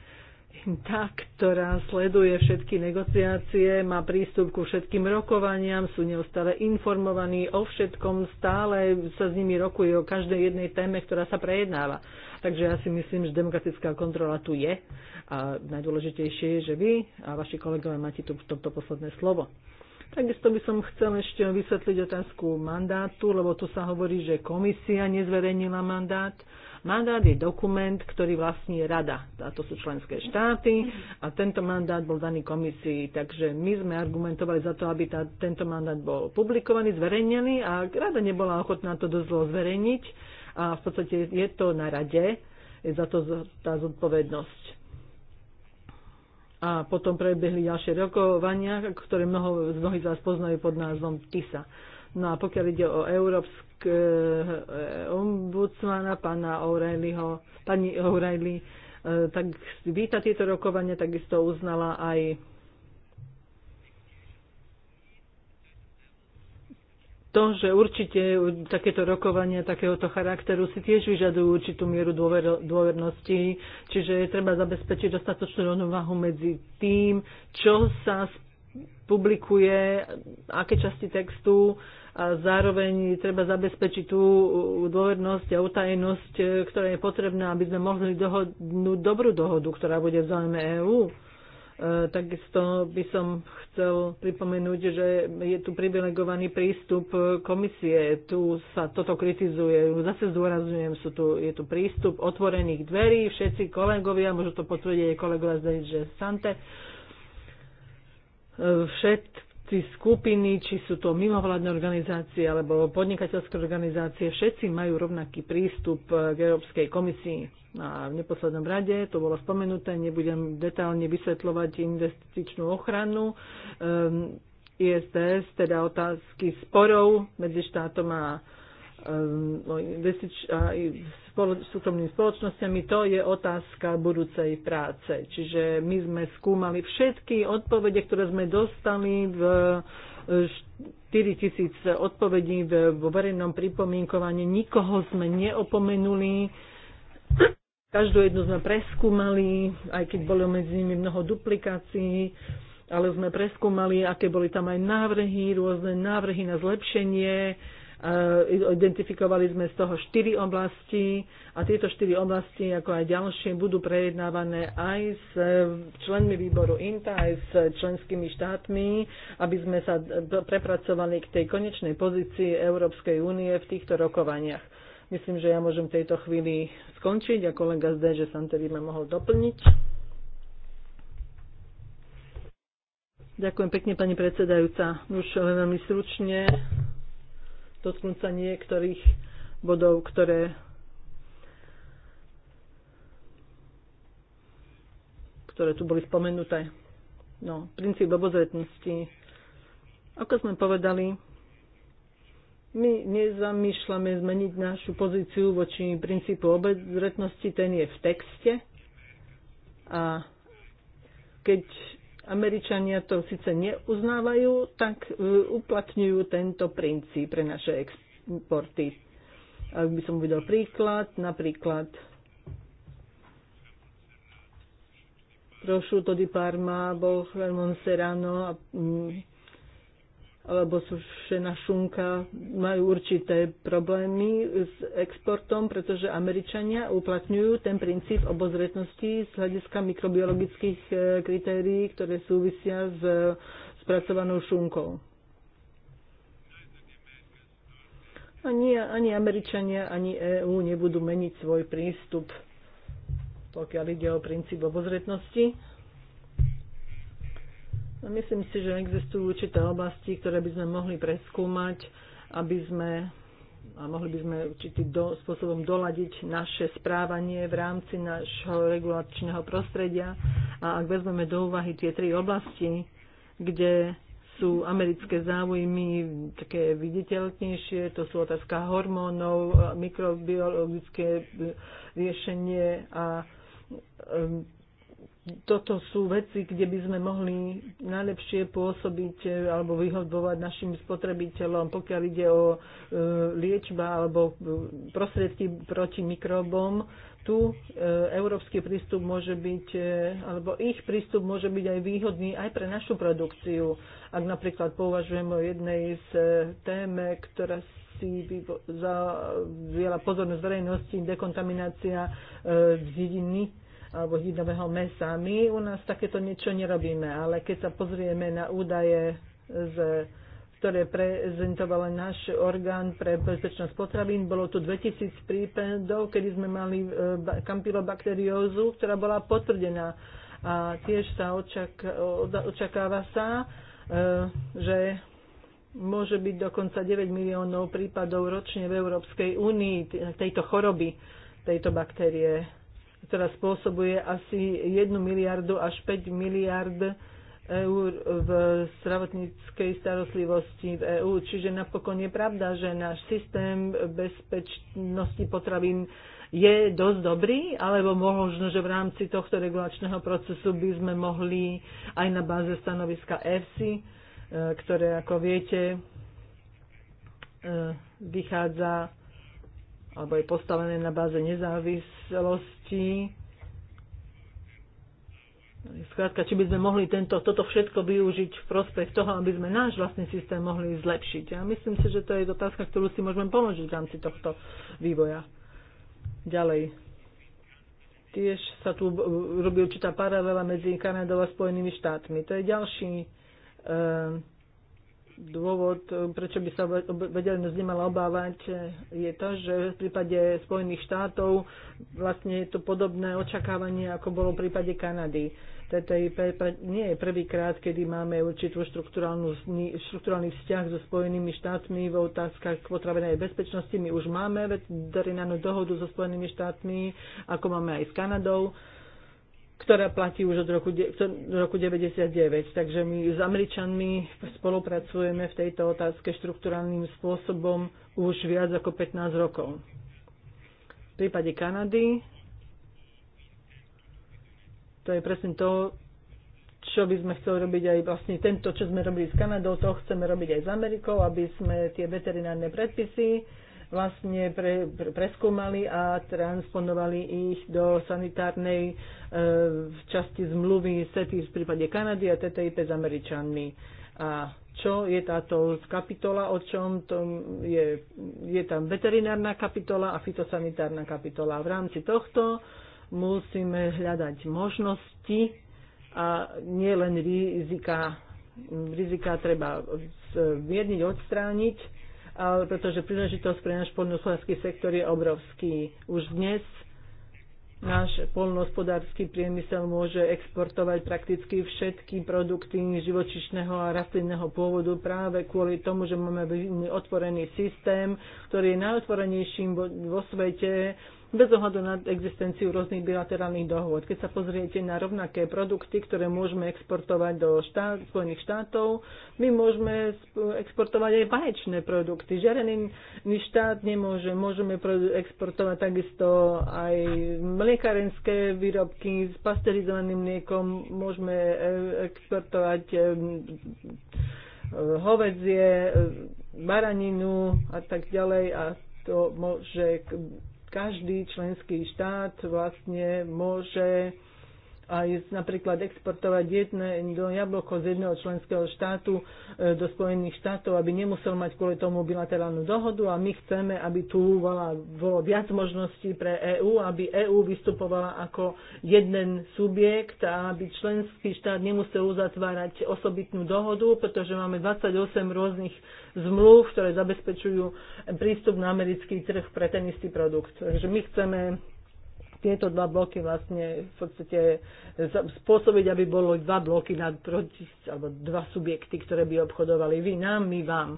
tá, ktorá sleduje všetky negociácie, má prístup ku všetkým rokovaniam, sú neustále informovaní o všetkom, stále sa s nimi rokuje o každej jednej téme, ktorá sa prejednáva. Takže ja si myslím, že demokratická kontrola tu je a najdôležitejšie je, že vy a vaši kolegovia máte tu v tomto posledné slovo. Takisto by som chcel ešte vysvetliť otázku mandátu, lebo tu sa hovorí, že komisia nezverejnila mandát. Mandát je dokument, ktorý vlastní rada. A to sú členské štáty a tento mandát bol daný komisii. Takže my sme argumentovali za to, aby tá, tento mandát bol publikovaný, zverejnený a rada nebola ochotná to dosť zverejniť. A v podstate je to na rade, je za to tá zodpovednosť a potom prebehli ďalšie rokovania, ktoré mnoho, mnohí z vás poznajú pod názvom TISA. No a pokiaľ ide o európsk eh, ombudsmana, pána O'Reillyho, pani O'Reilly, eh, tak víta tieto rokovania, takisto uznala aj to, že určite takéto rokovania takéhoto charakteru si tiež vyžadujú určitú mieru dôver, dôvernosti, čiže je treba zabezpečiť dostatočnú rovnováhu medzi tým, čo sa publikuje, aké časti textu a zároveň treba zabezpečiť tú dôvernosť a utajenosť, ktorá je potrebná, aby sme mohli dohodnúť dobrú dohodu, ktorá bude v záujme EÚ. E, takisto by som chcel pripomenúť, že je tu privilegovaný prístup komisie. Tu sa toto kritizuje. Zase zdôrazňujem, sú tu, je tu prístup otvorených dverí. Všetci kolegovia, môžu to potvrdiť kolegovia z Sante, všetci skupiny, či sú to mimovládne organizácie alebo podnikateľské organizácie, všetci majú rovnaký prístup k Európskej komisii. A v neposlednom rade, to bolo spomenuté, nebudem detálne vysvetľovať investičnú ochranu, um, ISDS, teda otázky sporov medzi štátom a um, investič- a súkromnými spoločnosťami, to je otázka budúcej práce. Čiže my sme skúmali všetky odpovede, ktoré sme dostali v 4 e, tisíc odpovedí vo verejnom pripomienkovaní. Nikoho sme neopomenuli. Každú jednu sme preskúmali, aj keď bolo medzi nimi mnoho duplikácií, ale sme preskúmali, aké boli tam aj návrhy, rôzne návrhy na zlepšenie Eh, identifikovali sme z toho štyri oblasti a tieto štyri oblasti, ako aj ďalšie, budú prejednávané aj s eh, členmi výboru INTA, aj s členskými štátmi, aby sme sa prepracovali k tej konečnej pozícii Európskej únie v týchto rokovaniach. Myslím, že ja môžem v tejto chvíli skončiť a kolega z DŽ Santevi ma mohol doplniť. Ďakujem pekne, pani predsedajúca. Už veľmi stručne dotknúť sa niektorých bodov, ktoré ktoré tu boli spomenuté. No, princíp obozretnosti. Ako sme povedali, my nezamýšľame zmeniť našu pozíciu voči princípu obezretnosti, ten je v texte. A keď Američania to síce neuznávajú, tak e, uplatňujú tento princíp pre naše exporty. Ak by som uvidel príklad, napríklad prosciutto di Parma, Bohler, Serrano, a mm, alebo sušená šunka majú určité problémy s exportom, pretože Američania uplatňujú ten princíp obozretnosti z hľadiska mikrobiologických e, kritérií, ktoré súvisia s e, spracovanou šunkou. Ani, ani Američania, ani EÚ nebudú meniť svoj prístup, pokiaľ ide o princíp obozretnosti. Myslím si, že existujú určité oblasti, ktoré by sme mohli preskúmať, aby sme a mohli by sme určitým do, spôsobom doladiť naše správanie v rámci nášho regulačného prostredia. A ak vezmeme do úvahy tie tri oblasti, kde sú americké záujmy také viditeľnejšie, to sú otázka hormónov, mikrobiologické riešenie a um, toto sú veci, kde by sme mohli najlepšie pôsobiť eh, alebo vyhodbovať našim spotrebiteľom, pokiaľ ide o eh, liečba alebo eh, prostriedky proti mikrobom. Tu európsky prístup môže byť, alebo ich prístup môže byť aj výhodný aj pre našu produkciu. Ak napríklad považujeme o jednej z téme, ktorá si za veľa pozornosť verejnosti, dekontaminácia e, zidiny alebo hydového mesa. My u nás takéto niečo nerobíme, ale keď sa pozrieme na údaje z ktoré prezentoval náš orgán pre bezpečnosť potravín. Bolo tu 2000 prípadov, kedy sme mali e, kampylobakteriózu, ktorá bola potvrdená. A tiež sa očak, očakáva sa, e, že môže byť dokonca 9 miliónov prípadov ročne v Európskej únii tejto choroby, tejto baktérie ktorá spôsobuje asi 1 miliardu až 5 miliard eur v zdravotníckej starostlivosti v EÚ. Čiže napokon je pravda, že náš systém bezpečnosti potravín je dosť dobrý, alebo možno, že v rámci tohto regulačného procesu by sme mohli aj na báze stanoviska EFSI, e, ktoré, ako viete, e, vychádza alebo je postavené na báze nezávislosti. Skrátka, či by sme mohli tento, toto všetko využiť v prospech toho, aby sme náš vlastný systém mohli zlepšiť. Ja myslím si, že to je otázka, ktorú si môžeme pomôcť v rámci tohto vývoja. Ďalej. Tiež sa tu robí určitá paralela medzi Kanadou a Spojenými štátmi. To je ďalší eh, dôvod, e, prečo by sa vedelnosť nemala obávať, e, je to, že v prípade Spojených štátov vlastne je to podobné očakávanie, ako bolo v prípade Kanady. TTIP nie je prvýkrát, kedy máme určitú štruktúrálny vzťah so Spojenými štátmi v otázkach potravenej bezpečnosti. My už máme veterinárnu dohodu so Spojenými štátmi, ako máme aj s Kanadou ktorá platí už od roku, roku 99. Takže my s Američanmi spolupracujeme v tejto otázke štruktúrálnym spôsobom už viac ako 15 rokov. V prípade Kanady to je presne to, čo by sme chceli robiť aj vlastne tento, čo sme robili s Kanadou, to chceme robiť aj s Amerikou, aby sme tie veterinárne predpisy vlastne pre, pre, preskúmali a transponovali ich do sanitárnej e, časti zmluvy SETI v prípade Kanady a TTIP s Američanmi. A čo je táto kapitola, o čom to je, je tam veterinárna kapitola a fitosanitárna kapitola. V rámci tohto musíme hľadať možnosti a nielen rizika. Rizika treba e, zmierniť, odstrániť, ale pretože príležitosť pre náš poľnohospodársky sektor je obrovský. Už dnes náš poľnohospodársky priemysel môže exportovať prakticky všetky produkty živočišného a rastlinného pôvodu práve kvôli tomu, že máme otvorený systém, ktorý je najotvorenejším vo svete bez ohľadu na existenciu rôznych bilaterálnych dohôd. Keď sa pozriete na rovnaké produkty, ktoré môžeme exportovať do štát, Spojených štátov, my môžeme exportovať aj vaječné produkty. Žiarený štát nemôže. Môžeme exportovať takisto aj mliekarenské výrobky s pasterizovaným mliekom, môžeme e, exportovať e, hovedzie, e, baraninu a tak ďalej a to môže každý členský štát vlastne môže aj napríklad exportovať do jablko z jedného členského štátu e, do Spojených štátov, aby nemusel mať kvôli tomu bilaterálnu dohodu a my chceme, aby tu bolo viac možností pre EÚ, aby EÚ vystupovala ako jeden subjekt a aby členský štát nemusel uzatvárať osobitnú dohodu, pretože máme 28 rôznych zmluv, ktoré zabezpečujú prístup na americký trh pre ten istý produkt. Takže my chceme tieto dva bloky vlastne v podstate spôsobiť, aby bolo dva bloky na proti, alebo dva subjekty, ktoré by obchodovali vy nám, my vám.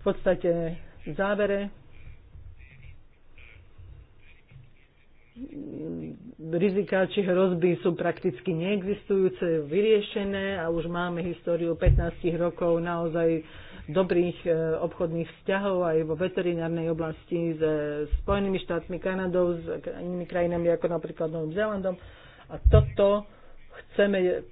V podstate v závere mm, rizika či hrozby sú prakticky neexistujúce, vyriešené a už máme históriu 15 rokov naozaj dobrých e, obchodných vzťahov aj vo veterinárnej oblasti s e, Spojenými štátmi, Kanadou, s inými krajinami ako napríklad Novým Zélandom. A toto chceme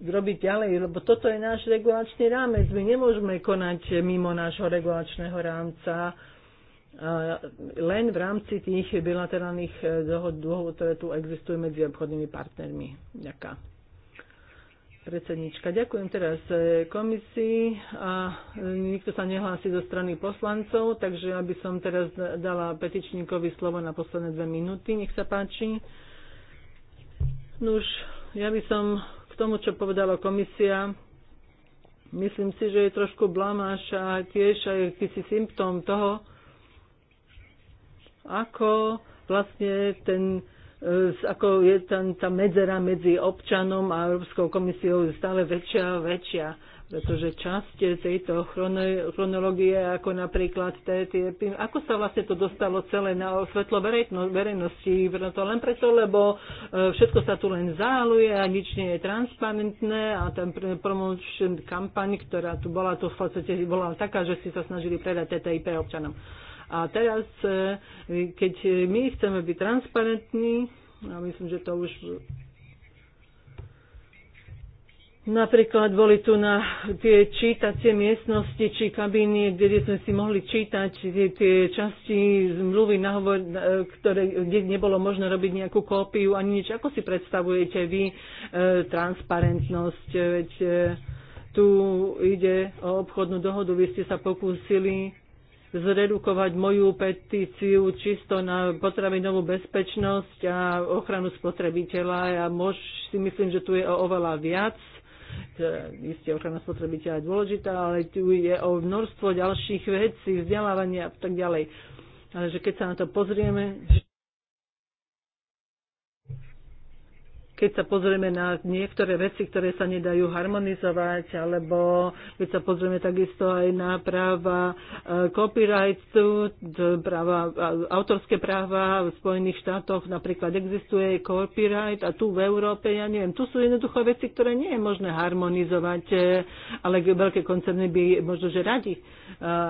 robiť ďalej, lebo toto je náš regulačný rámec. My nemôžeme konať mimo nášho regulačného rámca e, len v rámci tých bilaterálnych dohod, ktoré tu existujú medzi obchodnými partnermi. Ďakujem predsednička. Ďakujem teraz e, komisii a e, nikto sa nehlási zo strany poslancov, takže aby som teraz dala petičníkovi slovo na posledné dve minúty, nech sa páči. Nuž, ja by som k tomu, čo povedala komisia, myslím si, že je trošku blamáš a tiež aj si symptóm toho, ako vlastne ten ako je tam tá medzera medzi občanom a Európskou komisiou stále väčšia a väčšia pretože časť tejto chronológie, ako napríklad TTIP, ako sa vlastne to dostalo celé na svetlo verejnosti, to len preto, lebo e, všetko sa tu len záluje a nič nie je transparentné a ten promotion kampaň, ktorá tu bola, to v podstate bola taká, že si sa snažili predať TTIP občanom. A teraz, e, keď my chceme byť transparentní, a myslím, že to už Napríklad boli tu na tie čítacie miestnosti či kabíny, kde sme si mohli čítať tie, tie časti zmluvy, nahovor, ktoré, kde nebolo možné robiť nejakú kópiu ani nič. Ako si predstavujete vy e, transparentnosť? Veď e, tu ide o obchodnú dohodu. Vy ste sa pokúsili zredukovať moju petíciu čisto na potravinovú bezpečnosť a ochranu spotrebiteľa. Ja mož, si myslím, že tu je o oveľa viac. Isté ochrana spotrebiteľa je dôležitá, ale tu je o množstvo ďalších vecí, vzdelávania a tak ďalej. Ale že keď sa na to pozrieme, že keď sa pozrieme na niektoré veci, ktoré sa nedajú harmonizovať, alebo keď sa pozrieme takisto aj na práva eh, copyrightu, práva, autorské práva v Spojených štátoch, napríklad existuje copyright a tu v Európe, ja neviem, tu sú jednoducho veci, ktoré nie je možné harmonizovať, eh, ale veľké koncerny by možno, že radi. Eh,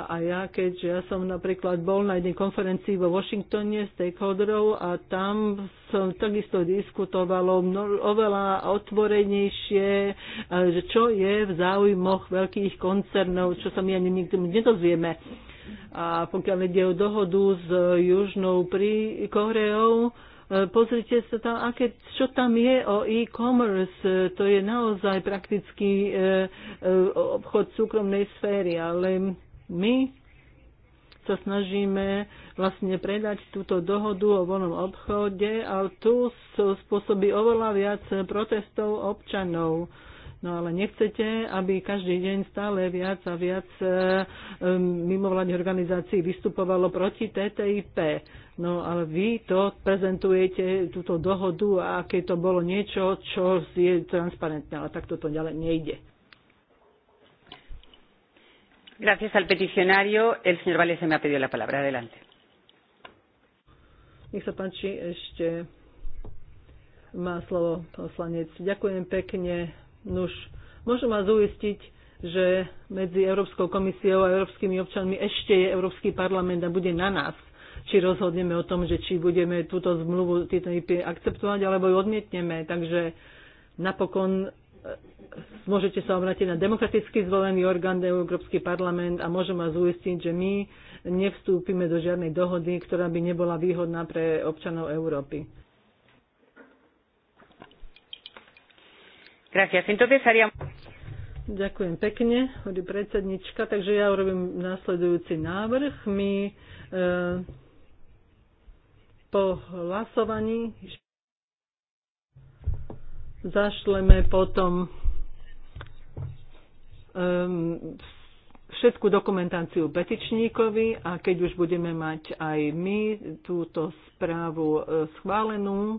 a ja, keďže ja som napríklad bol na jednej konferencii vo Washingtone stakeholderov a tam som takisto diskutovalo mnoho No, oveľa otvorenejšie, e, že čo je v záujmoch veľkých koncernov, čo sa my ani nikdy nedozvieme. A pokiaľ ide o dohodu s Južnou pri Koreou, e, pozrite sa tam, aké, čo tam je o e-commerce. To je naozaj prakticky e, obchod súkromnej sféry, ale my sa snažíme vlastne predať túto dohodu o voľnom obchode ale tu spôsobí oveľa viac protestov občanov. No ale nechcete, aby každý deň stále viac a viac e, mimovládnych organizácií vystupovalo proti TTIP. No ale vy to prezentujete, túto dohodu, a keď to bolo niečo, čo je transparentné, ale takto to ďalej nejde. Gracias al peticionario. El señor Valle se me ha pedido la palabra. Adelante. Nech sa páči, ešte má slovo poslanec. Ďakujem pekne. Nuž, môžem vás uistiť, že medzi Európskou komisiou a európskymi občanmi ešte je Európsky parlament a bude na nás, či rozhodneme o tom, že či budeme túto zmluvu TTIP akceptovať alebo ju odmietneme. Takže napokon e, môžete sa obrátiť na demokraticky zvolený orgán Európsky parlament a môžem vás uistiť, že my nevstúpime do žiadnej dohody, ktorá by nebola výhodná pre občanov Európy. Gracias. Entonces Ďakujem pekne, hovorí predsednička. Takže ja urobím následujúci návrh. My e, po hlasovaní zašleme potom e, všetku dokumentáciu petičníkovi a keď už budeme mať aj my túto správu e, schválenú, e,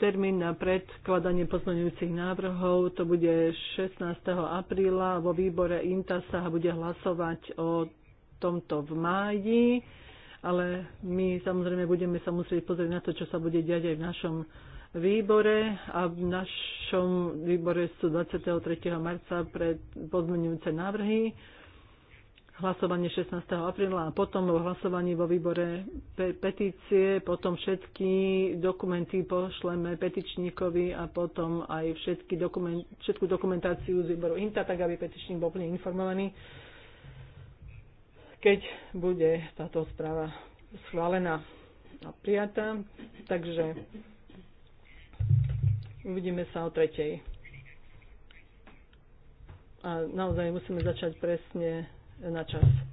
termín na predkladanie pozmeňujúcich návrhov, to bude 16. apríla, vo výbore INTASA sa bude hlasovať o tomto v máji, ale my samozrejme budeme sa musieť pozrieť na to, čo sa bude diať aj v našom výbore a v našom výbore sú 23. marca pre pozmenujúce návrhy hlasovanie 16. apríla a potom o hlasovaní vo výbore pe- petície, potom všetky dokumenty pošleme petičníkovi a potom aj všetky dokument- všetku dokumentáciu z výboru INTA, tak aby petičník bol plne informovaný, keď bude táto správa schválená a prijatá. Takže Uvidíme sa o tretej. A naozaj musíme začať presne na čas.